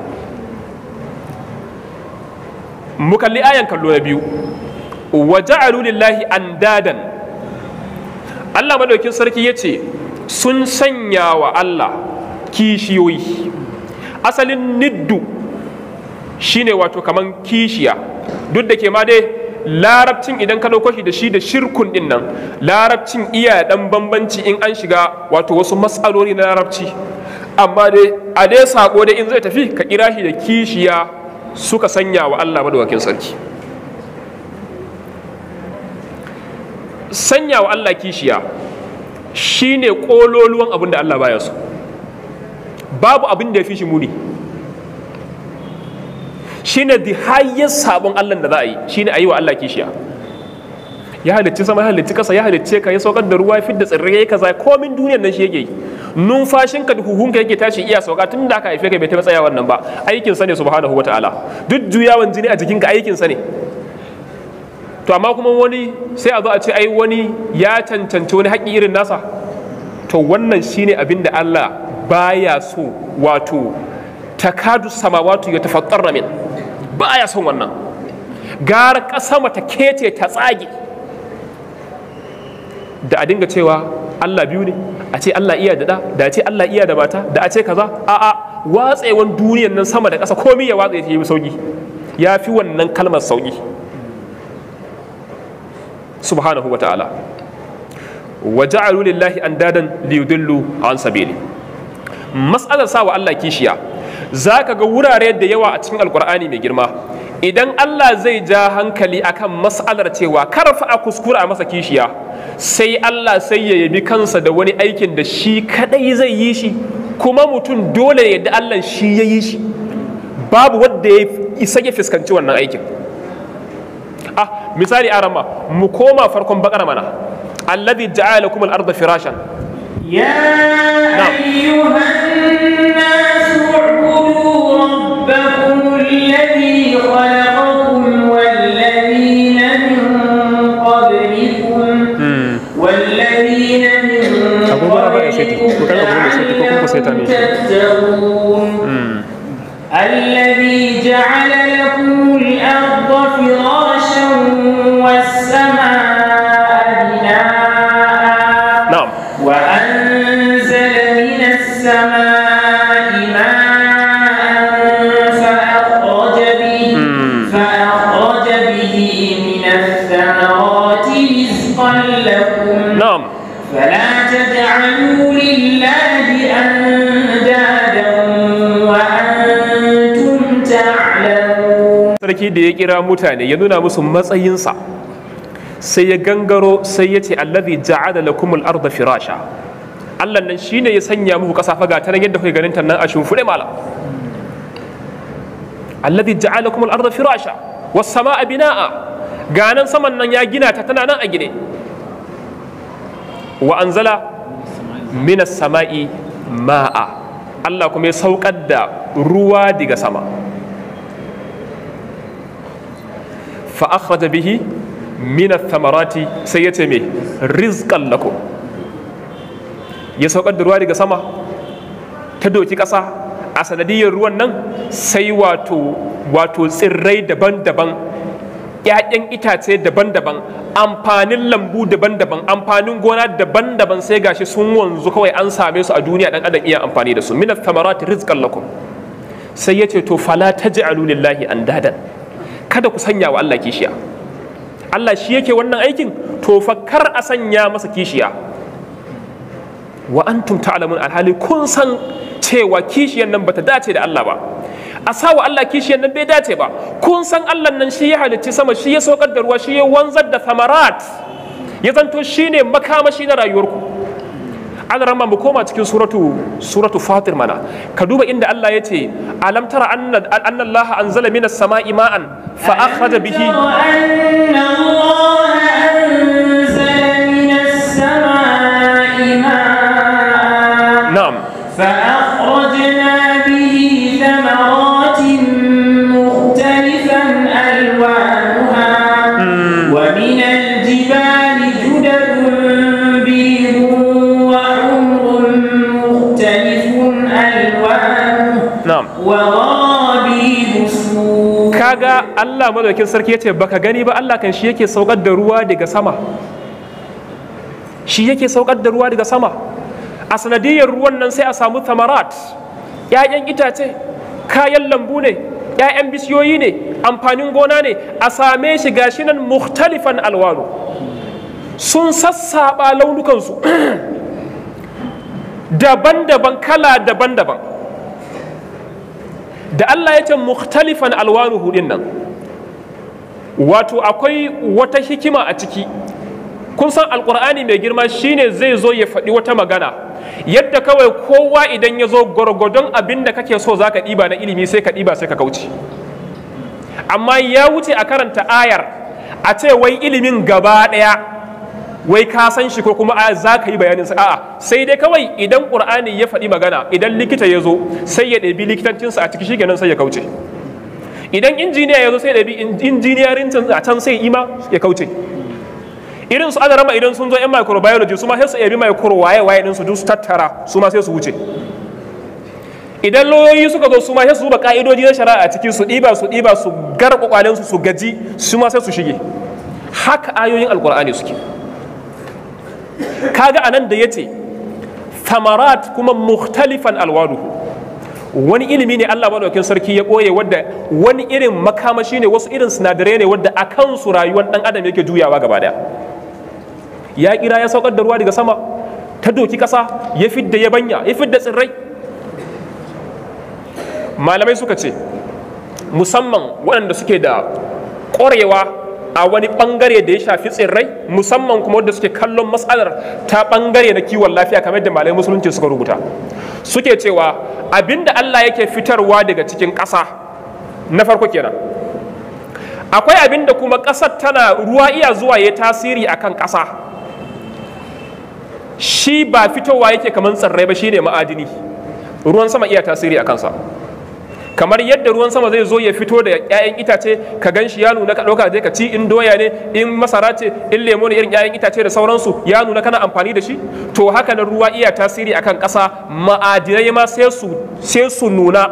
mu kalli ayan kallo na biyu wa ja'alu lillahi andadan Allah madaukin sarki ya ce sun sanya wa Allah kishiyoyi asalin niddu shine wato kaman kishiya duk da ke ma dai larabcin idan ka ɗauko shi da shi da shirkun ɗin nan larabcin iya ɗan bambanci in an shiga wato wasu matsaloli na larabci amma dai a dai saƙo dai in zai tafi ka kira shi da kishiya suka sanya wa Allah madawakin sarki sanya wa Allah kishiya shine kololuwan abin da Allah baya so babu abin da ya fi shi muni shine the highest sabon Allah da za a yi shine a yi wa Allah kishiya ya halicci sama ya halicci kasa ya halicce ka ya saukar da ruwa ya fidda tsirrai kaza komin duniyar nan shi yake yi numfashin ka huhun yake tashi iya sauka tun da aka haife ka bai taɓa tsaya wannan ba aikin sa ne subhanahu wataala duk juyawan jini a jikin ka aikin sa ne to amma kuma wani sai a zo a ce ai wani ya cancanci wani haƙƙi irin nasa to wannan shine abin da Allah baya so wato takadu samawatu ya tafakkar min baya son wannan gara ƙasa mata kece ta tsage da a dinga cewa Allah biyu ne a ce Allah iya da da da a ce Allah iya da mata da a ce kaza a a watsewan duniyan nan sama da ƙasa komai ya watsa ya yi sauki ya fi wannan kalmar sauki subhanahu wa ta'ala wa ja'alu lillahi andadan liyudillu an sabili mas'alar sa wa Allah kishiya zaka ga wurare da yawa a cikin alqur'ani mai girma idan Allah zai ja hankali akan mas'alar cewa karfa a kuskura a masa kishiya sai Allah sai ya yabi kansa da wani aikin da shi kadai zai yi shi kuma mutum dole ya da Allah shi ya yi shi babu wanda ya isa ya fuskanci wannan aikin ah misali arama mu koma farkon bakar mana alladhi ja'ala lakum al-ardha firashan ya ayyuhan nasu rabbakum Agora vai, gente. Por causa do você tem como você também. sarki da ya kira mutane ya nuna musu matsayinsa sai ya gangaro sai ya ce allazi ja'ala lakum al-ardha firasha Allah nan shine ya sanya muku kasa faga ta nan yadda kuke ganin ta nan a shimfude mala allazi ja'ala lakum al-ardha firasha was samaa binaa ganan saman nan ya gina ta tana nan a gine wa anzala minas sama'i ma'a Allah kuma ya saukar da ruwa daga sama fa akhraja bihi min thamarati sai yace me rizqan lakum ya saukar da ruwa daga sama ta doki ƙasa a sanadiyar ruwan nan sai wato tsirrai daban-daban ‘ya'yan itace daban-daban amfanin lambu daban-daban amfanin gona daban-daban sai gashi sun wanzu kawai an same su a duniya dan adam iya amfani da su minat thamarat rizqan lakum sai yace to fala taj'alu lillahi andadan kada ku sanya wa Allah kishiya Allah shi yake wannan aikin to fa kar a sanya masa kishiya wa antum ta'lamun alhali kun san cewa kishiyan nan bata dace da Allah ba a sa wa Allah kishiyan nan bai dace ba kun san Allah nan shi ya halicci sama shi ya saukar da ruwa shi ya wanzar da samarat ya zanto shine makamashi na rayuwarku an ba mu koma cikin suratu suratu fatir mana ka duba inda Allah ya ce alam tara anna anna Allah anzala minas sama'i ma'an fa akhraja bihi anna Allah ga Allah madaukin sarki yace baka gani ba Allah kan shi yake saukar da ruwa daga sama shi yake saukar da ruwa daga sama a sanadiyar ruwan nan sai a samu thamarat ƴaƴan itace kayan lambu ne ƴaƴan bisiyoyi ne amfanin gona ne a same shi gashi nan mukhtalifan alwanu sun sassaɓa launukansu daban-daban kala daban-daban da Allah ya ce mukhtalifan alwanu hudin nan wato akwai wata hikima a ciki kun san alkur'ani mai girma shine zai zo ya faɗi wata magana yadda kawai kowa idan ya zo gwargwadon abin da kake so zaka ɗiba na ilimi sai ka ɗiba sai ka kauce amma ya wuce a karanta ayar a ce wai ilimin gaba ɗaya wai ka san shi ko kuma za ka yi bayanin sa a'a sai dai kawai idan qur'ani ya faɗi magana idan likita ya zo sai ya ɗabi likitancinsa a ciki shikenan sai ya kauce idan injiniya ya zo sai ya ɗabi injiniyarin a can sai ima ya kauce irin su adarama idan sun zo yan microbiology su ma sai su ɗabi micro waye waye din su duk su tattara su ma sai su wuce idan lauyoyi suka zo su ma sai su ba ka'idoji na shari'a a cikin su ɗiba su ɗiba su garba kwalen su gaji su ma sai su shige haka ayoyin alkur'ani suke kaga anan da yace thamarat kuma mukhtalifan alwanuhu wani ilimi ne Allah madaukakin sarki ya koye wanda wani irin makamashi ne wasu irin sinadarai ne wadda a kansu rayuwar dan adam yake juyawa gaba daya ya kira ya saukar da ruwa daga sama ta doki kasa ya fidda yabanya ya fidda tsirrai malamai suka ce musamman waɗanda suke da ƙwarewa a wani bangare da ya shafi tsirrai musamman kuma wanda suke kallon matsalar ta bangare na kiwon lafiya kamar da malamai musulunci suka rubuta suke cewa abinda Allah yake fitarwa daga cikin ƙasa na farko kenan akwai abinda kuma ƙasar tana ruwa iya zuwa ya tasiri akan ƙasa shi ba fitowa yake kamar tsirrai ba shi ne ma'adini ruwan sama iya tasiri a kansa kamar yadda ruwan sama zai zo ya fito da 'ya'yan itace ka gan shi ya nuna ka ɗauka zai ka ci in doya ne in masara ce in lemo ne irin 'ya'yan itace da sauransu ya nuna kana amfani da shi to haka nan ruwa iya tasiri akan ƙasa ma'adinai ma sai su sai su nuna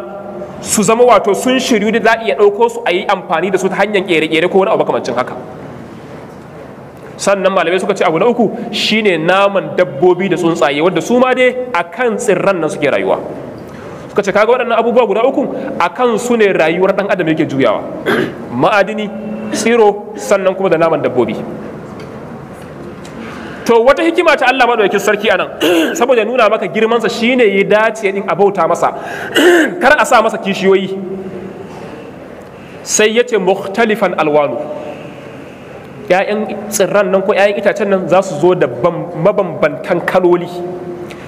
su zama wato sun shiryu da za a iya ɗauko su a yi amfani da su ta hanyar ƙere-ƙere ko wani abu makamancin haka sannan malamai suka ce abu na uku shine naman dabbobi da tsuntsaye wanda su ma dai akan tsirran nan suke rayuwa suka ce kaga waɗannan abubuwa guda uku a kan su ne rayuwar ɗan adam yake juyawa ma'adini tsiro sannan kuma da naman dabbobi to wata hikima ta Allah madaukakin sarki anan saboda nuna maka girmansa shine ya dace din a bauta masa kar a sa masa kishiyoyi sai yace mukhtalifan alwanu ‘ya'yan tsirran nan ko ‘ya'yan itacen nan za su zo da mabambantan kaloli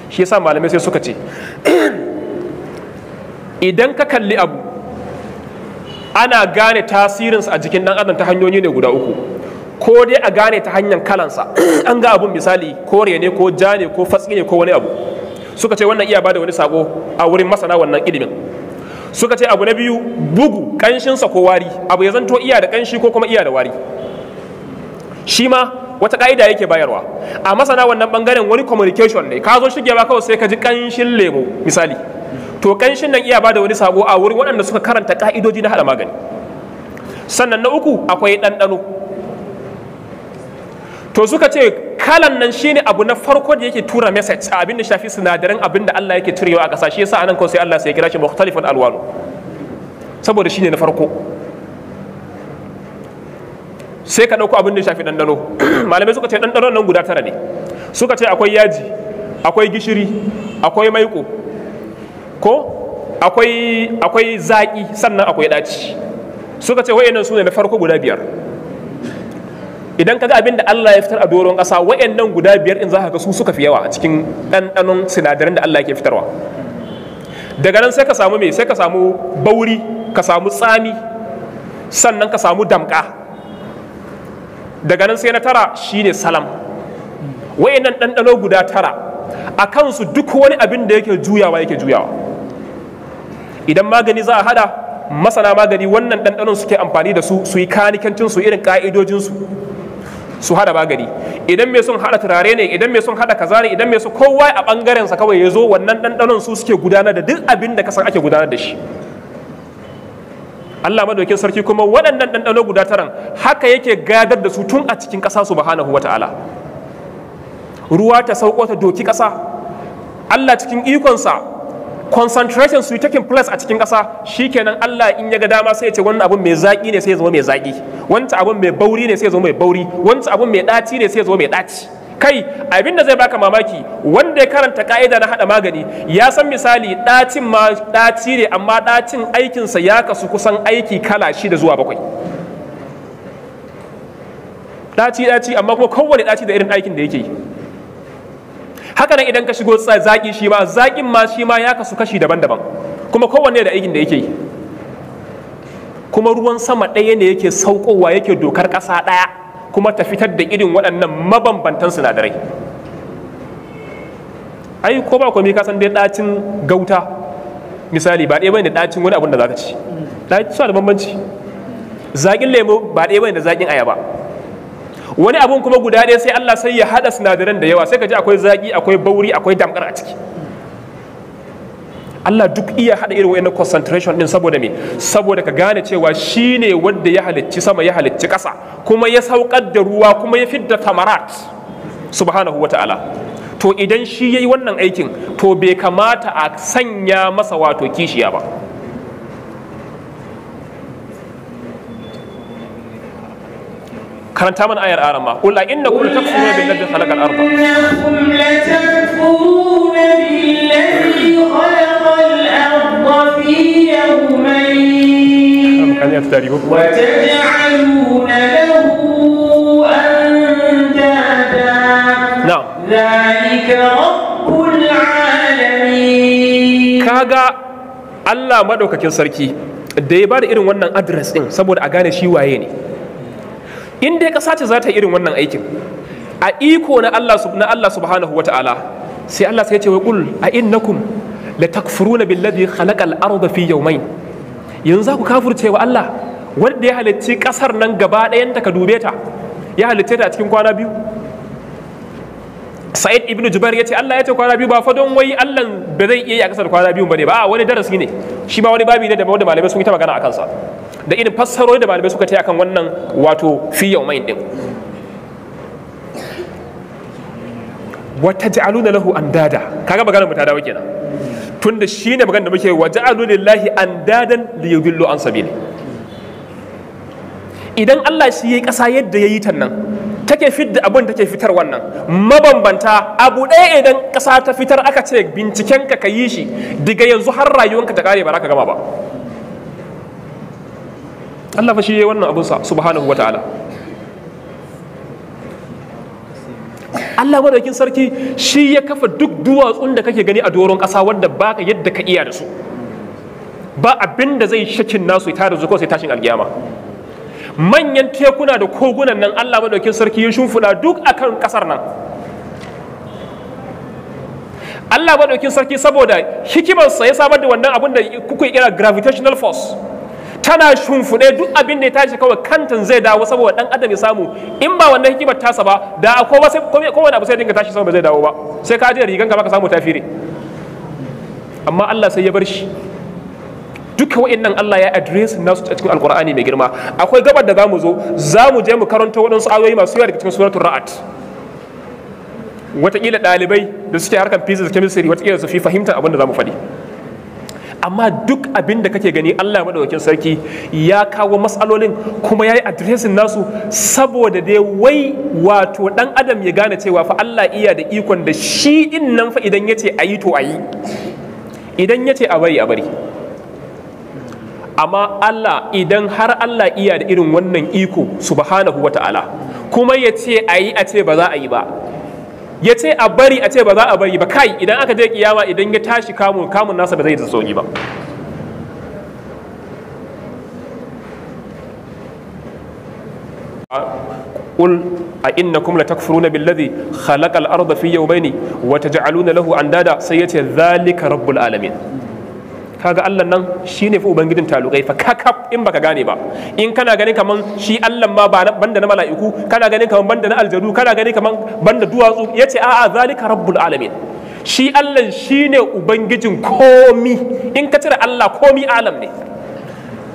shi yasa malamai sai suka ce idan ka kalli abu ana gane tasirinsa a jikin ɗan adam ta hanyoyi ne guda uku ko dai a gane ta hanyar kalansa an ga abun misali kore ne ko ja ne ko fatsi ne ko wani abu suka ce wannan iya bada wani sako a wurin masana wannan ilimin suka ce abu na biyu bugu kanshinsa ko wari abu ya zanto iya da kanshi ko kuma iya da wari shi ma wata ka'ida yake bayarwa a masana wannan bangaren wani communication ne ka zo shige ba kawai sai ka ji kanshin lemo misali to kanshin nan iya bada wani sabo a wurin waɗanda suka karanta ka'idoji na hada magani sannan na uku akwai ɗanɗano to suka ce kalan nan shine abu na farko da yake tura message a abin da shafi sinadaran abin da Allah yake turewa a ƙasa shi yasa anan ko sai Allah sai kira shi mukhtalifan alwanu saboda shine na farko sai ka dauko abin da shafi dandano malamai suka ce dandano nan guda tara ne suka ce akwai yaji akwai gishiri akwai maiko ko akwai zaƙi sannan akwai ɗaci suka ce wa'annan su ne na farko guda biyar idan ka ga abin da Allah ya fitar a doron ƙasa wa'annan guda biyar in za ka su suka fi yawa a cikin ɗanɗanon sinadaran da Allah ke fitarwa daga nan sai ka samu me sai ka samu bauri ka samu tsami sannan ka samu damƙa daga nan sai na tara shine salam wa'annan ɗanɗano guda tara a kansu duk wani abin da yake juyawa yake juyawa idan magani za a hada masana magani wannan ɗanɗanon suke amfani da su su yi kanikancin su irin ƙa'idojinsu su hada magani idan mai son hada turare ne idan mai son hada kaza ne idan mai son kowa a bangaren sa kawai ya zo wannan ɗanɗanon su suke gudanar da duk abin da kasan ake gudanar da shi Allah madaukin sarki kuma waɗannan ɗanɗano guda taran haka yake gadar da su tun a cikin ƙasa subhanahu wata'ala ruwa ta sauko ta doki ƙasa Allah cikin ikonsa concentration su taking place a cikin ƙasa shikenan Allah in ya ga dama sai ya ce wannan abun mai zaƙi ne sai ya zama mai zaƙi wancan abun mai bauri ne sai ya zama mai bauri wancan abun mai ɗaci ne sai ya zama mai ɗaci kai abin da zai baka mamaki wanda ya karanta ka'ida na hada magani ya san misali ɗacin ma ɗaci ne amma ɗacin aikinsa ya kasu kusan aiki kala shida zuwa bakwai ɗaci ɗaci amma kuma kowane ɗaci da irin aikin da yake yi haka nan idan ka shigo zaki shi ma zakin ma shi ma ya kasu kashi daban-daban kuma kowanne da aikin da yake yi kuma ruwan sama ɗaya ne yake saukowa yake dokar ƙasa ɗaya kuma ta fitar da irin waɗannan mabambantan sinadarai ai ko ba komai ka san dai ɗacin gauta misali ba ɗaya bane da ɗacin wani abun da za ka ci ɗaci suna da bambanci zaƙin lemo ba ɗaya bane da zaƙin ayaba wani abun kuma guda ɗaya sai Allah sai ya haɗa sinadaran da yawa sai ka ji akwai zaƙi akwai bauri akwai damkar a ciki Allah duk iya haɗa irin wayannan concentration din saboda me saboda ka gane cewa shi ne wanda ya halicci sama ya halicci ƙasa kuma ya saukar da ruwa kuma ya fidda tamarat subhanahu ta'ala. to idan shi yayi wannan aikin to bai kamata a sanya masa wato kishiya ba karanta mana ayar aran ma qul innakum bil billadhi khalaqa al-ardha innakum bil billadhi khalaqa al-ardha fi yawmayn kan yaftarihun wa taj'aluna lahu andada na'am dhalika rabbul alamin kaga Allah madaukakin sarki da ya bada irin wannan adres din saboda a gane shi waye ne in dai ƙasa ce za ta irin wannan aikin a iko na Allah na Allah subhanahu wata'ala sai Allah sai ya ce wa kul a innakum la takfuruna billadhi khalaqa al-ardha fi yawmayn yanzu za ku kafirce wa Allah wanda ya halicci ƙasar nan gaba ɗayan ta ka dube ta ya halicce ta a cikin kwana biyu sa'id ibnu jubair ya ce allah ya ce kwana biyu ba fa don wai allah ba zai iya yi a kasar kwana biyu ba ne ba a wani darasi ne shi ba wani babi ne da wanda malamai sun yi ta magana a kansa da irin fassarori da malamai suka ta akan wannan wato fi yaumain din wa taj'aluna lahu andada kaga maganar mu ta dawo kenan tunda shine magana da muke wa ja'alu lillahi andadan li yudillu an sabili idan Allah shi yayi kasa yadda yayi yi nan take fidda abin take fitar wannan mabambanta abu ɗaya idan ƙasa ta fitar aka ce bincikenka ka yi shi daga yanzu har rayuwanka ta ƙare ba ka gama ba Allah fa shi yayi wannan abun sa subhanahu wataala Allah madaukin sarki shi ya kafa duk duwatsun da kake gani a doron ƙasa wanda baka yadda ka iya da su ba abin da zai shakin nasu ya su zuko sai tashin alƙiyama manyan tekuna da kogunan nan Allah maɗaukin sarki ya shimfiɗa duk akan ƙasar nan Allah maɗaukin sarki saboda hikimarsa ya samar da wannan abin da kuka kira gravitational force tana shimfiɗe duk abin da ya tashi kawai kantan zai dawo saboda ɗan adam ya samu in ba wannan hikimar tasa ba da akwai wasu kowane abu sai dinga tashi saboda zai dawo ba sai ka je rigan ka baka samu tafire amma Allah sai ya bar shi duka wa'annan Allah ya address nasu a cikin alkur'ani mai girma akwai gabar da zamu zo za mu je mu karanta waɗansu ayoyi masu yawa daga cikin suratul ra'at wataƙila ɗalibai da suke harkar physics chemistry wataƙila su fi fahimtar abin da zamu faɗi amma duk abin da kake gani Allah madaukakin sarki ya kawo matsalolin kuma ya yi adiresin nasu saboda dai wai wato dan adam ya gane cewa fa Allah iya da ikon da shi din nan fa idan yace ayi to ayi idan yace a bari a bari amma Allah idan har Allah iya da irin wannan iko subhanahu wata'ala kuma ya ce a yi a ce ba za a yi ba ya ce a bari a ce ba za a bari ba kai idan aka je kiyama idan ya tashi kamun kamun nasa ba zai da sauki ba قل أئنكم لتكفرون بالذي خلق الأرض في يومين وتجعلون له أندادا سيأتي ذلك رب العالمين kaga Allah nan shine fa ubangijin talukai fa kakaf in baka gane ba in kana ganin kaman shi Allah ma banda na mala'iku kana ganin kaman banda na aljanu kana ganin kaman banda duwatsu yace a'a zalika rabbul alamin shi Allah shine ubangijin komi in ka cire Allah komi alam ne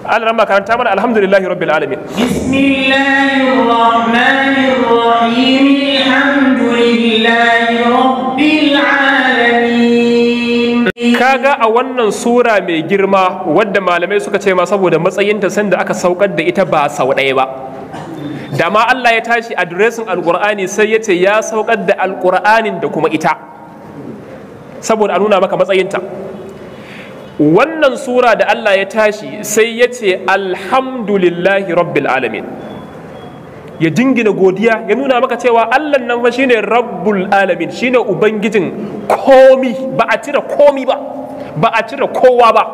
Allah ramma karanta mana alhamdulillahi rabbil alamin bismillahir rahmanir rahim alhamdulillahi rabbil alamin Eh. kaga a wannan sura mai girma wadda malamai suka ce ma saboda matsayinta sanda aka saukar da ita ba sau ɗaya ba da ma Allah ya tashi adiresin alkur'ani sai ya ce ya saukar da alkur'anin da kuma ita saboda a nuna maka matsayinta wannan sura da Allah ya tashi sai ya ce alhamdulillahi rabbil alamin ya jingina godiya ya nuna maka cewa Allah nan fa shine rabbul alamin shine ubangijin komi ba a cire komi ba ba a cire kowa ba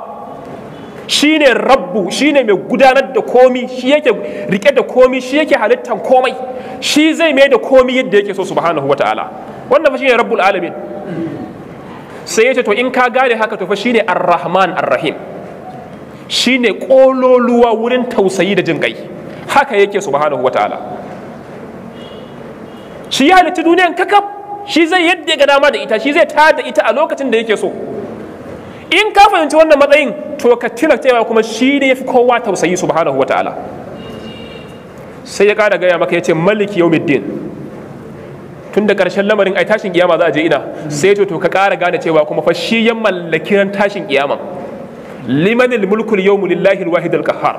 shine rabbu shine mai gudanar da komi shi yake rike da komi shi yake halittan komai shi zai mai da komi yadda yake so subhanahu ta'ala. wannan fa shine rabbul alamin sai ya ce to in ka gane haka to fa shine arrahman rahman shine kololuwa wurin tausayi da jin kai haka yake subhanahu wataala shi ya halitta duniyan kakaf shi zai yadda ga dama da ita shi zai ta da ita a lokacin da yake so in ka fahimci wannan matsayin to ka tuna cewa kuma shi ne yafi kowa tausayi subhanahu wataala sai ya kara gaya maka ya ce maliki middin tun da ƙarshen lamarin ai tashin kiyama za a je ina sai to ka ƙara gane cewa kuma fa shi ya mallaki ran tashin kiyama limanil mulkul yawmu lillahi alwahid alqahhar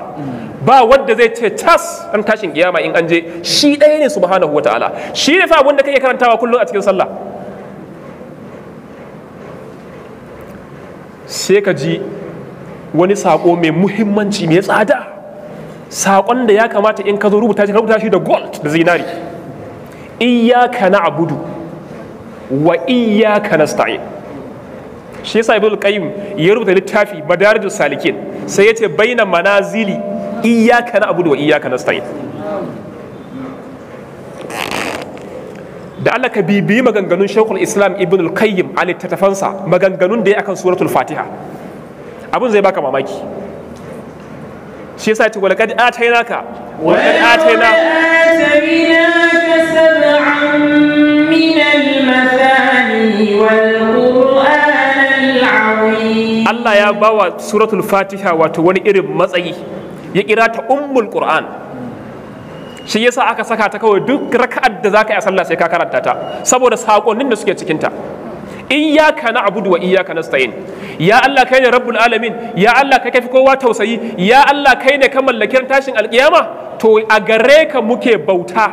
ba wanda zai ce tas an tashin kiyama in an je shi ɗaya ne subhanahu wata'ala shi ne fa abin da kake karantawa kullum a cikin sallah sai ka ji wani sako mai muhimmanci mai tsada saƙon da ya kamata in ka zo rubuta shi rubuta shi da gold da zinari iyyaka na'budu wa iyyaka nasta'in shi yasa ibnu qayyim ya rubuta littafi madarijus salikin sai yace baina manazili iyyaka na'budu wa iyyaka nasta'in da Allah ka bibiyi maganganun Sheikhul Islam Ibn al-Qayyim a littattafansa maganganun da ya akan suratul Fatiha abin zai baka mamaki shi yasa ce walaqad atainaka walaqad ataina Allah ya bawa suratul Fatiha wato wani irin matsayi ya kira ta ummul qur'an shi yasa aka saka ta kawai duk raka'ar da zaka yi a sallah sai ka karanta ta saboda sakonnin da suke cikin ta iyyaka na'budu wa iyyaka nasta'in ya Allah kai ne rabbul alamin ya Allah kai kafi kowa tausayi ya Allah kai ne ka mallakin tashin alkiyama to a gare ka muke bauta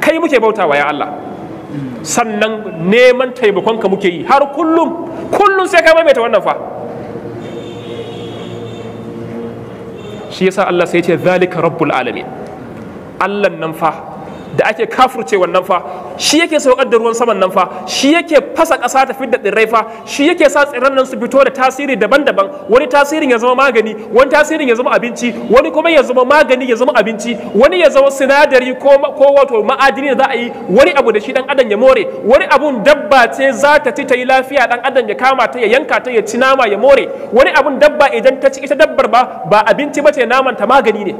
kai muke bauta wa ya Allah sannan neman taimakonka muke yi har kullum kullum sai ka maimaita wannan fa shi yasa Allah sai ya ce zalika rabbul alamin Allah nan fa da ake kafurce wannan fa shi yake saukar da ruwan saman nan fa shi yake fasa ƙasa ta fidda tsirrai fa shi yake sa tsirran nan su fito da tasiri daban-daban wani tasirin ya zama magani wani tasirin ya zama abinci wani kuma ya zama magani ya zama abinci wani ya zama sinadari ko wato ma'adini da za a yi wani abu da shi dan adam ya more wani abun dabba ce za ta ci ta yi lafiya dan adam ya kama ta ya yanka ta ya ci nama ya more wani abun dabba idan ta ci ita dabbar ba ba abinci ba ce naman ta magani ne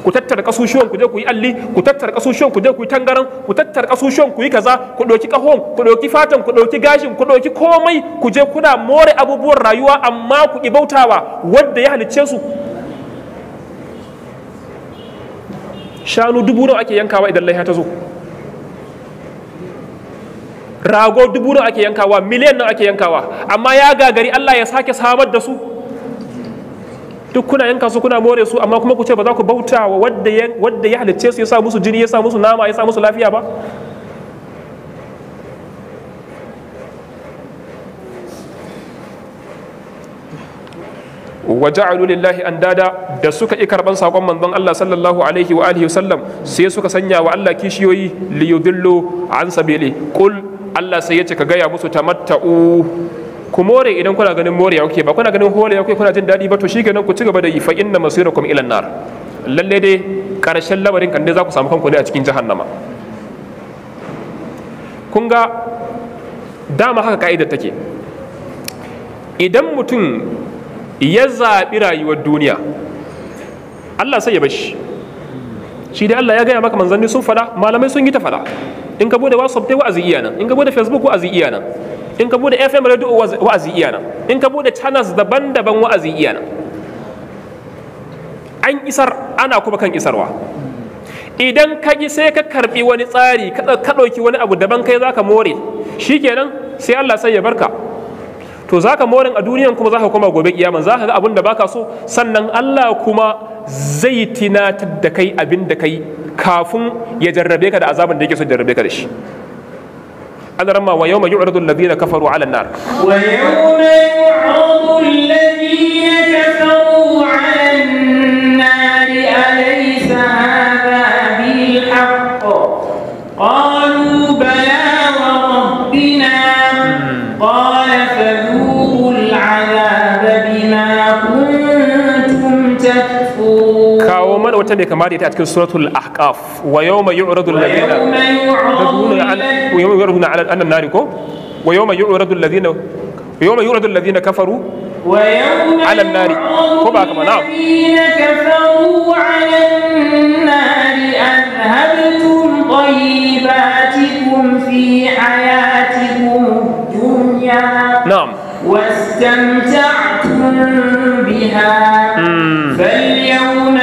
ku tattara kasushiyon ku je ku yi alli ku tattara kasushiyon ku je ku yi tangaran ku tattara kasushiyon ku yi kaza ku ɗauki kahon ku ɗauki fatan ku ɗauki gashin ku ɗauki komai ku je kuna more abubuwan rayuwa amma ku ƙi bautawa wanda ya halicce su shanu dubu nawa ake yankawa idan laiha ta zo rago dubu nawa ake yankawa miliyan nawa ake yankawa amma ya gagari Allah ya sake samar da su duk kuna yanka su kuna more su amma kuma ku ce ba za ku bauta wa wadda ya wadda ya su ya sa musu jini ya sa musu nama ya sa musu lafiya ba wa ja'alu lillahi andada da suka yi karban sakon manzon Allah sallallahu alaihi wa alihi wasallam sai suka sanya wa Allah kishiyoyi li yudillu an sabili qul Allah sai ya ce ka gaya musu tamatta'u ku more idan kuna ganin ya kuke ba kuna ganin ya kuke kuna jin daɗi ba to shikenan ku ci gaba da yi fa inna masirukum ila nar lalle dai karshen labarin kan dai za ku samu kanku ne a cikin jahannama kun ga dama haka ka'idar take idan mutum ya zaɓi rayuwar duniya Allah sai ya bashi shi dai Allah ya gaya maka manzanni sun fada malamai sun yi ta fada in ka bude whatsapp dai wa'azi iya nan in ka bude facebook wa'azi iya nan in ka bude fm radio wa'azi iya nan in ka bude channels daban-daban wa'azi iya nan an isar ana kuma kan isarwa idan ka ji sai ka karbi wani tsari ka ɗauki wani abu daban kai zaka more shikenan sai Allah sai ya barka to zaka more a duniyan kuma zaka koma gobe kiyama zaka ga abin da baka so sannan Allah kuma zai tinatar da kai abin da kai kafin ya jarrabe ka da azabin da yake so jarrabe ka da shi على رما ويوم يعرض الذين كفروا على النار ويوم يعرض الذين كفروا wata mai kama da ita a cikin suratul ahqaf wa yawma yu'radu alladhina wa yawma yu'radu ala annan nari ko wa yawma yu'radu alladhina yawma yu'radu alladhina kafaru ala nari ko ba kama na'am kafaru ala nari adhabtum tayyibatikum fi hayatikum dunya na'am واستمتعتم بها فاليوم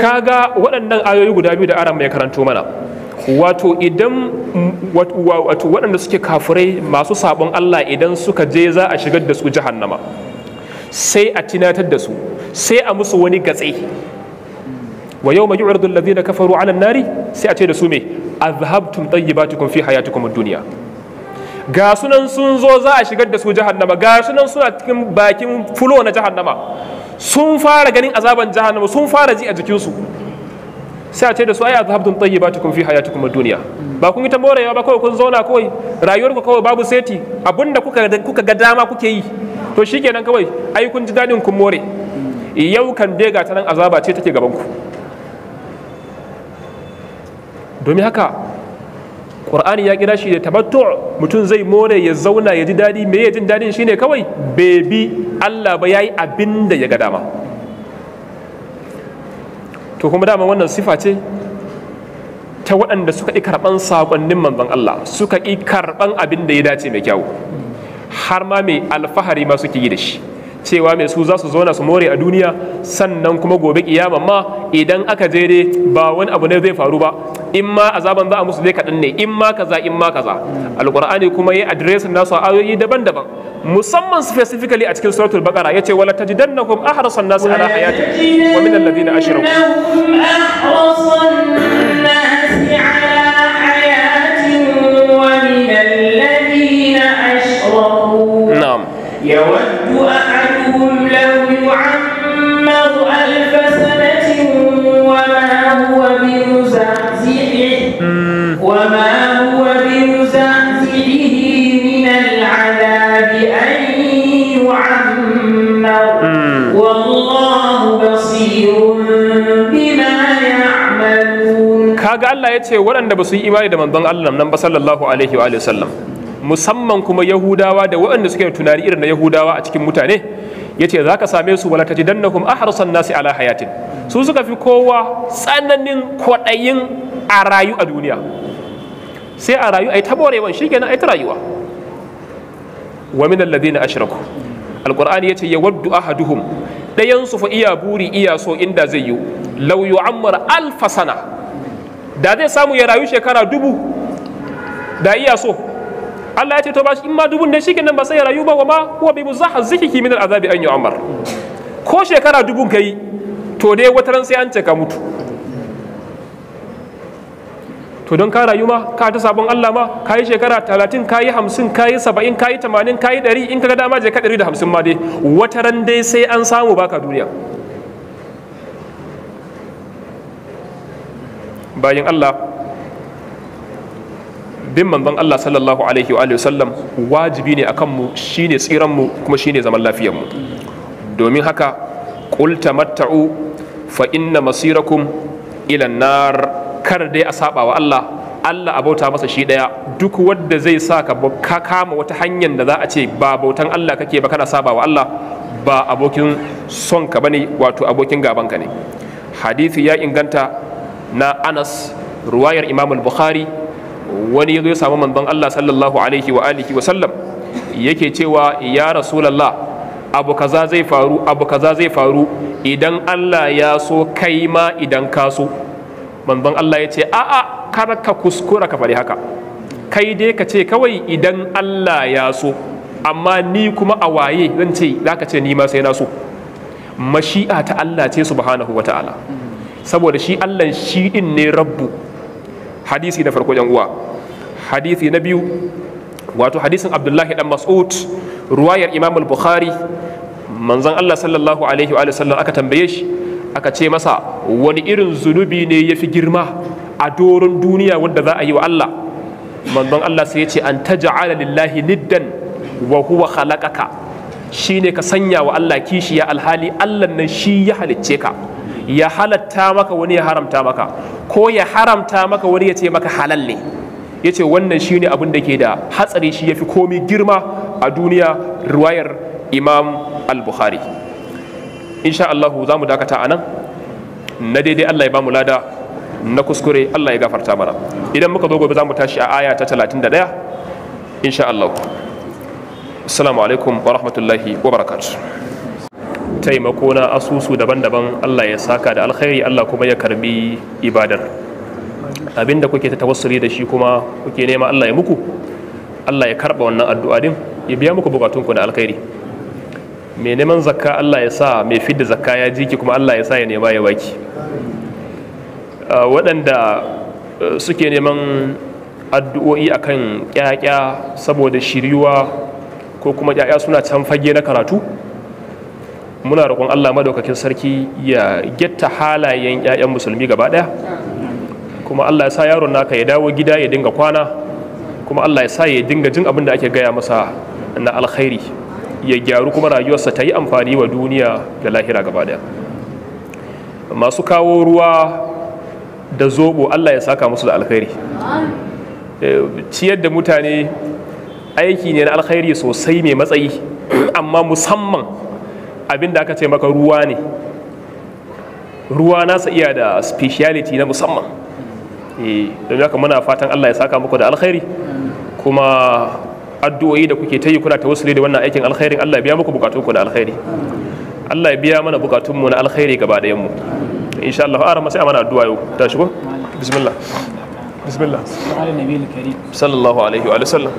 kaga waɗannan ayoyi guda biyu da ara mai karanto mana wato idan wato waɗanda suke kafirai masu sabon Allah idan suka je za a shigar da su jahannama sai a tinatar da su sai a musu wani gatse wa yau mai yu'ardu alladhina kafaru nari sai a ce da su me azhabtum tayyibatukum fi hayatikum duniya ga sunan sun zo za a shigar da su jahannama ga sunan suna cikin bakin fulo na jahannama sun fara ganin azaban jahannama sun fara ji a jikinsu sai a ce da su ai azhabtum tayyibatukum fi hayatikum ad-dunya ba kun yi ta morewa ba kawai kun zauna kawai rayuwar ku kawai babu seti abinda kuka kuka ga dama kuke yi to shikenan kawai ai kun ji dadin kun more yau kan dai ga ta nan azaba ce take gaban ku domin haka qur'ani ya kira shi da tamattu mutum zai more ya zauna ya ji dadi me ya jin dadin shine kawai bai bi Allah ba yayi abin da ya ga dama to kuma dama wannan sifa ce ta waɗanda suka ƙi karɓan saƙonnin manzon Allah suka ƙi karɓan abin da ya dace mai kyau har ma mai alfahari ma suke yi da shi cewa mai su za su zauna su more a duniya sannan kuma gobe kiyama ma idan aka je dai ba wani abu ne zai faru ba in ma azaban za a musu dai kaɗan ne in ma kaza in ma kaza alqur'ani kuma ya addressin nasu ayoyi daban-daban musamman specifically a cikin suratul baqara yace wala tajidannakum ahrasan nas ala hayati wa min alladhina ashraku نعم Ka هو hmm. kaga Allah ya ce waɗanda ba su yi imani da manzon Allah nan ba sallallahu alaihi wa sallam musamman kuma Yahudawa da waɗanda suke tunani irin na Yahudawa a cikin mutane yace za ka same su wala tajidannahum ahrasan nasi ala hayatin su suka fi kowa tsananin kwaɗayin a rayu a duniya sai a rayu ai ta borewan shi kenan ai ta rayuwa wa min alladhina ashraku alqur'ani yace yawaddu ahaduhum dayan su fa iya buri iya so inda zai yi law yu'ammar alf sana da zai samu ya rayu shekara dubu da iya so Allah ya ce to ba in ma dubun ne shi kenan ba sai ya rayu ba wa ma huwa bi muzahazziki min al'azabi an yu'ammar ko shekara dubun kai to dai wataran sai an ce ka mutu to don ka rayu ma ka ta sabon Allah ma ka yi shekara talatin ka yi hamsin ka yi saba'in ka yi tamanin ka yi ɗari in ka ga dama je ka ɗari da hamsin ma dai wata ran dai sai an samu baka duniya bayan Allah bin manzon Allah sallallahu alaihi wa sallam wajibi ne akan mu shine tsiran mu kuma shine zaman lafiyar mu domin haka qul tamatta'u fa inna masirakum ila nar kar dai a saba wa Allah Allah a bauta masa shi ɗaya. duk wanda zai sa ka kama wata hanyar da za a ce ba bautan Allah kake ba kana saba wa Allah ba abokin son ka bane wato abokin gaban ka ne hadisi ya inganta na Anas ruwayar Imam al-Bukhari wani ya zo ya samu manzon Allah sallallahu alaihi wa alihi wa sallam yake cewa ya rasulullah abu kaza zai faru abu kaza zai faru idan Allah ya so kai ma idan ka so manzon Allah ya ce a'a kar ka kuskura ka faɗi haka kai dai ka ce kawai idan Allah ya so amma ni kuma a waye zan ce zaka ce ni ma sai na so mashi'a ta Allah ce subhanahu wata'ala saboda shi Allah shi din ne rabbu hadisi na farko uwa hadisi na biyu wato hadisin Abdullahi dan Mas'ud ruwayar Imam al-Bukhari manzon Allah sallallahu alaihi wa sallam aka tambaye shi aka ce masa wani irin zunubi ne ya fi girma a doron duniya wanda za a yi wa Allah manzon Allah sai ya ce an ja'ala lillahi niddan wa huwa khalaqaka shine ka sanya wa Allah kishi ya alhali Allah nan shi ya halicce ka ya halatta maka wani ya haramta maka ko ya haramta maka wani ya ce maka halal ne ya ce wannan shine abin da ke da hatsari shi ya fi komi girma a duniya ruwayar imam al-bukhari insha Allah za mu dakata a nan na daidai Allah ya ba mu lada na kuskure Allah ya gafarta mana idan muka zo gobe za mu tashi a aya ta 31 insha Allah assalamu alaikum wa rahmatullahi wa barakatuh taimako na asusu daban-daban Allah ya saka da alkhairi Allah kuma ya karbi ibadar abinda kuke ta tawassuli da shi kuma kuke nema Allah ya muku Allah ya karba wannan addu'a din ya biya muku bukatunku da alkhairi mai neman zakka Allah ya sa mai fidda zakka ya ji ki kuma Allah ya sa ya nema ya baki ah, waɗanda eh, suke neman addu'o'i akan ƙyaƙya saboda shiriwa ko kuma ƙyaƙya suna can fage na karatu muna roƙon Allah madaukakin sarki ya getta halayen ƙyaƙyan musulmi gaba ɗaya kuma Allah ya sa yaron naka ya dawo gida ya dinga kwana kuma Allah ya sa ya dinga jin abin da ake gaya masa na alkhairi ya gyaru kuma rayuwarsa ta yi amfani wa duniya da lahira gaba daya masu kawo ruwa da zobo allah ya saka musu da alkhairi eh, ciyar da mutane aiki ne na alkhairi sosai mai matsayi amma musamman abin da aka ce maka ruwa ne ruwa nasa iya da speciality na musamman eh, don haka muna fatan allah ya saka muku da alkhairi kuma addu'o'i da kuke ta yi kuna tawassuli da wannan aikin alkhairin Allah ya biya muku bukatun ku da alkhairi Allah ya biya mana bukatun mu na alkhairi gaba da mu insha Allah har ara sai amana addu'a yau tashi ko bismillah bismillah sallallahu alaihi wa sallam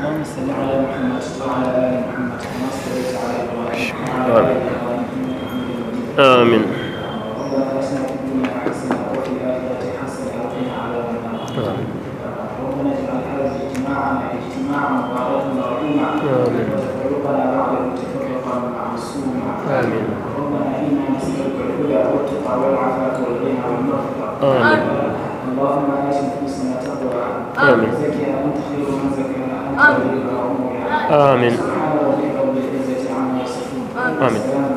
اللهم صل على محمد وعلى ال محمد كما صليت على ابراهيم وعلى ال ابراهيم انك حميد مجيد امين اللهم معهم وأرواحهم مرحومة آمين اللهم آتنا حسن تقوى آمين زكها من زكاها أنت ولي آمين سبحان ربك رب العزة عما يصفون آمين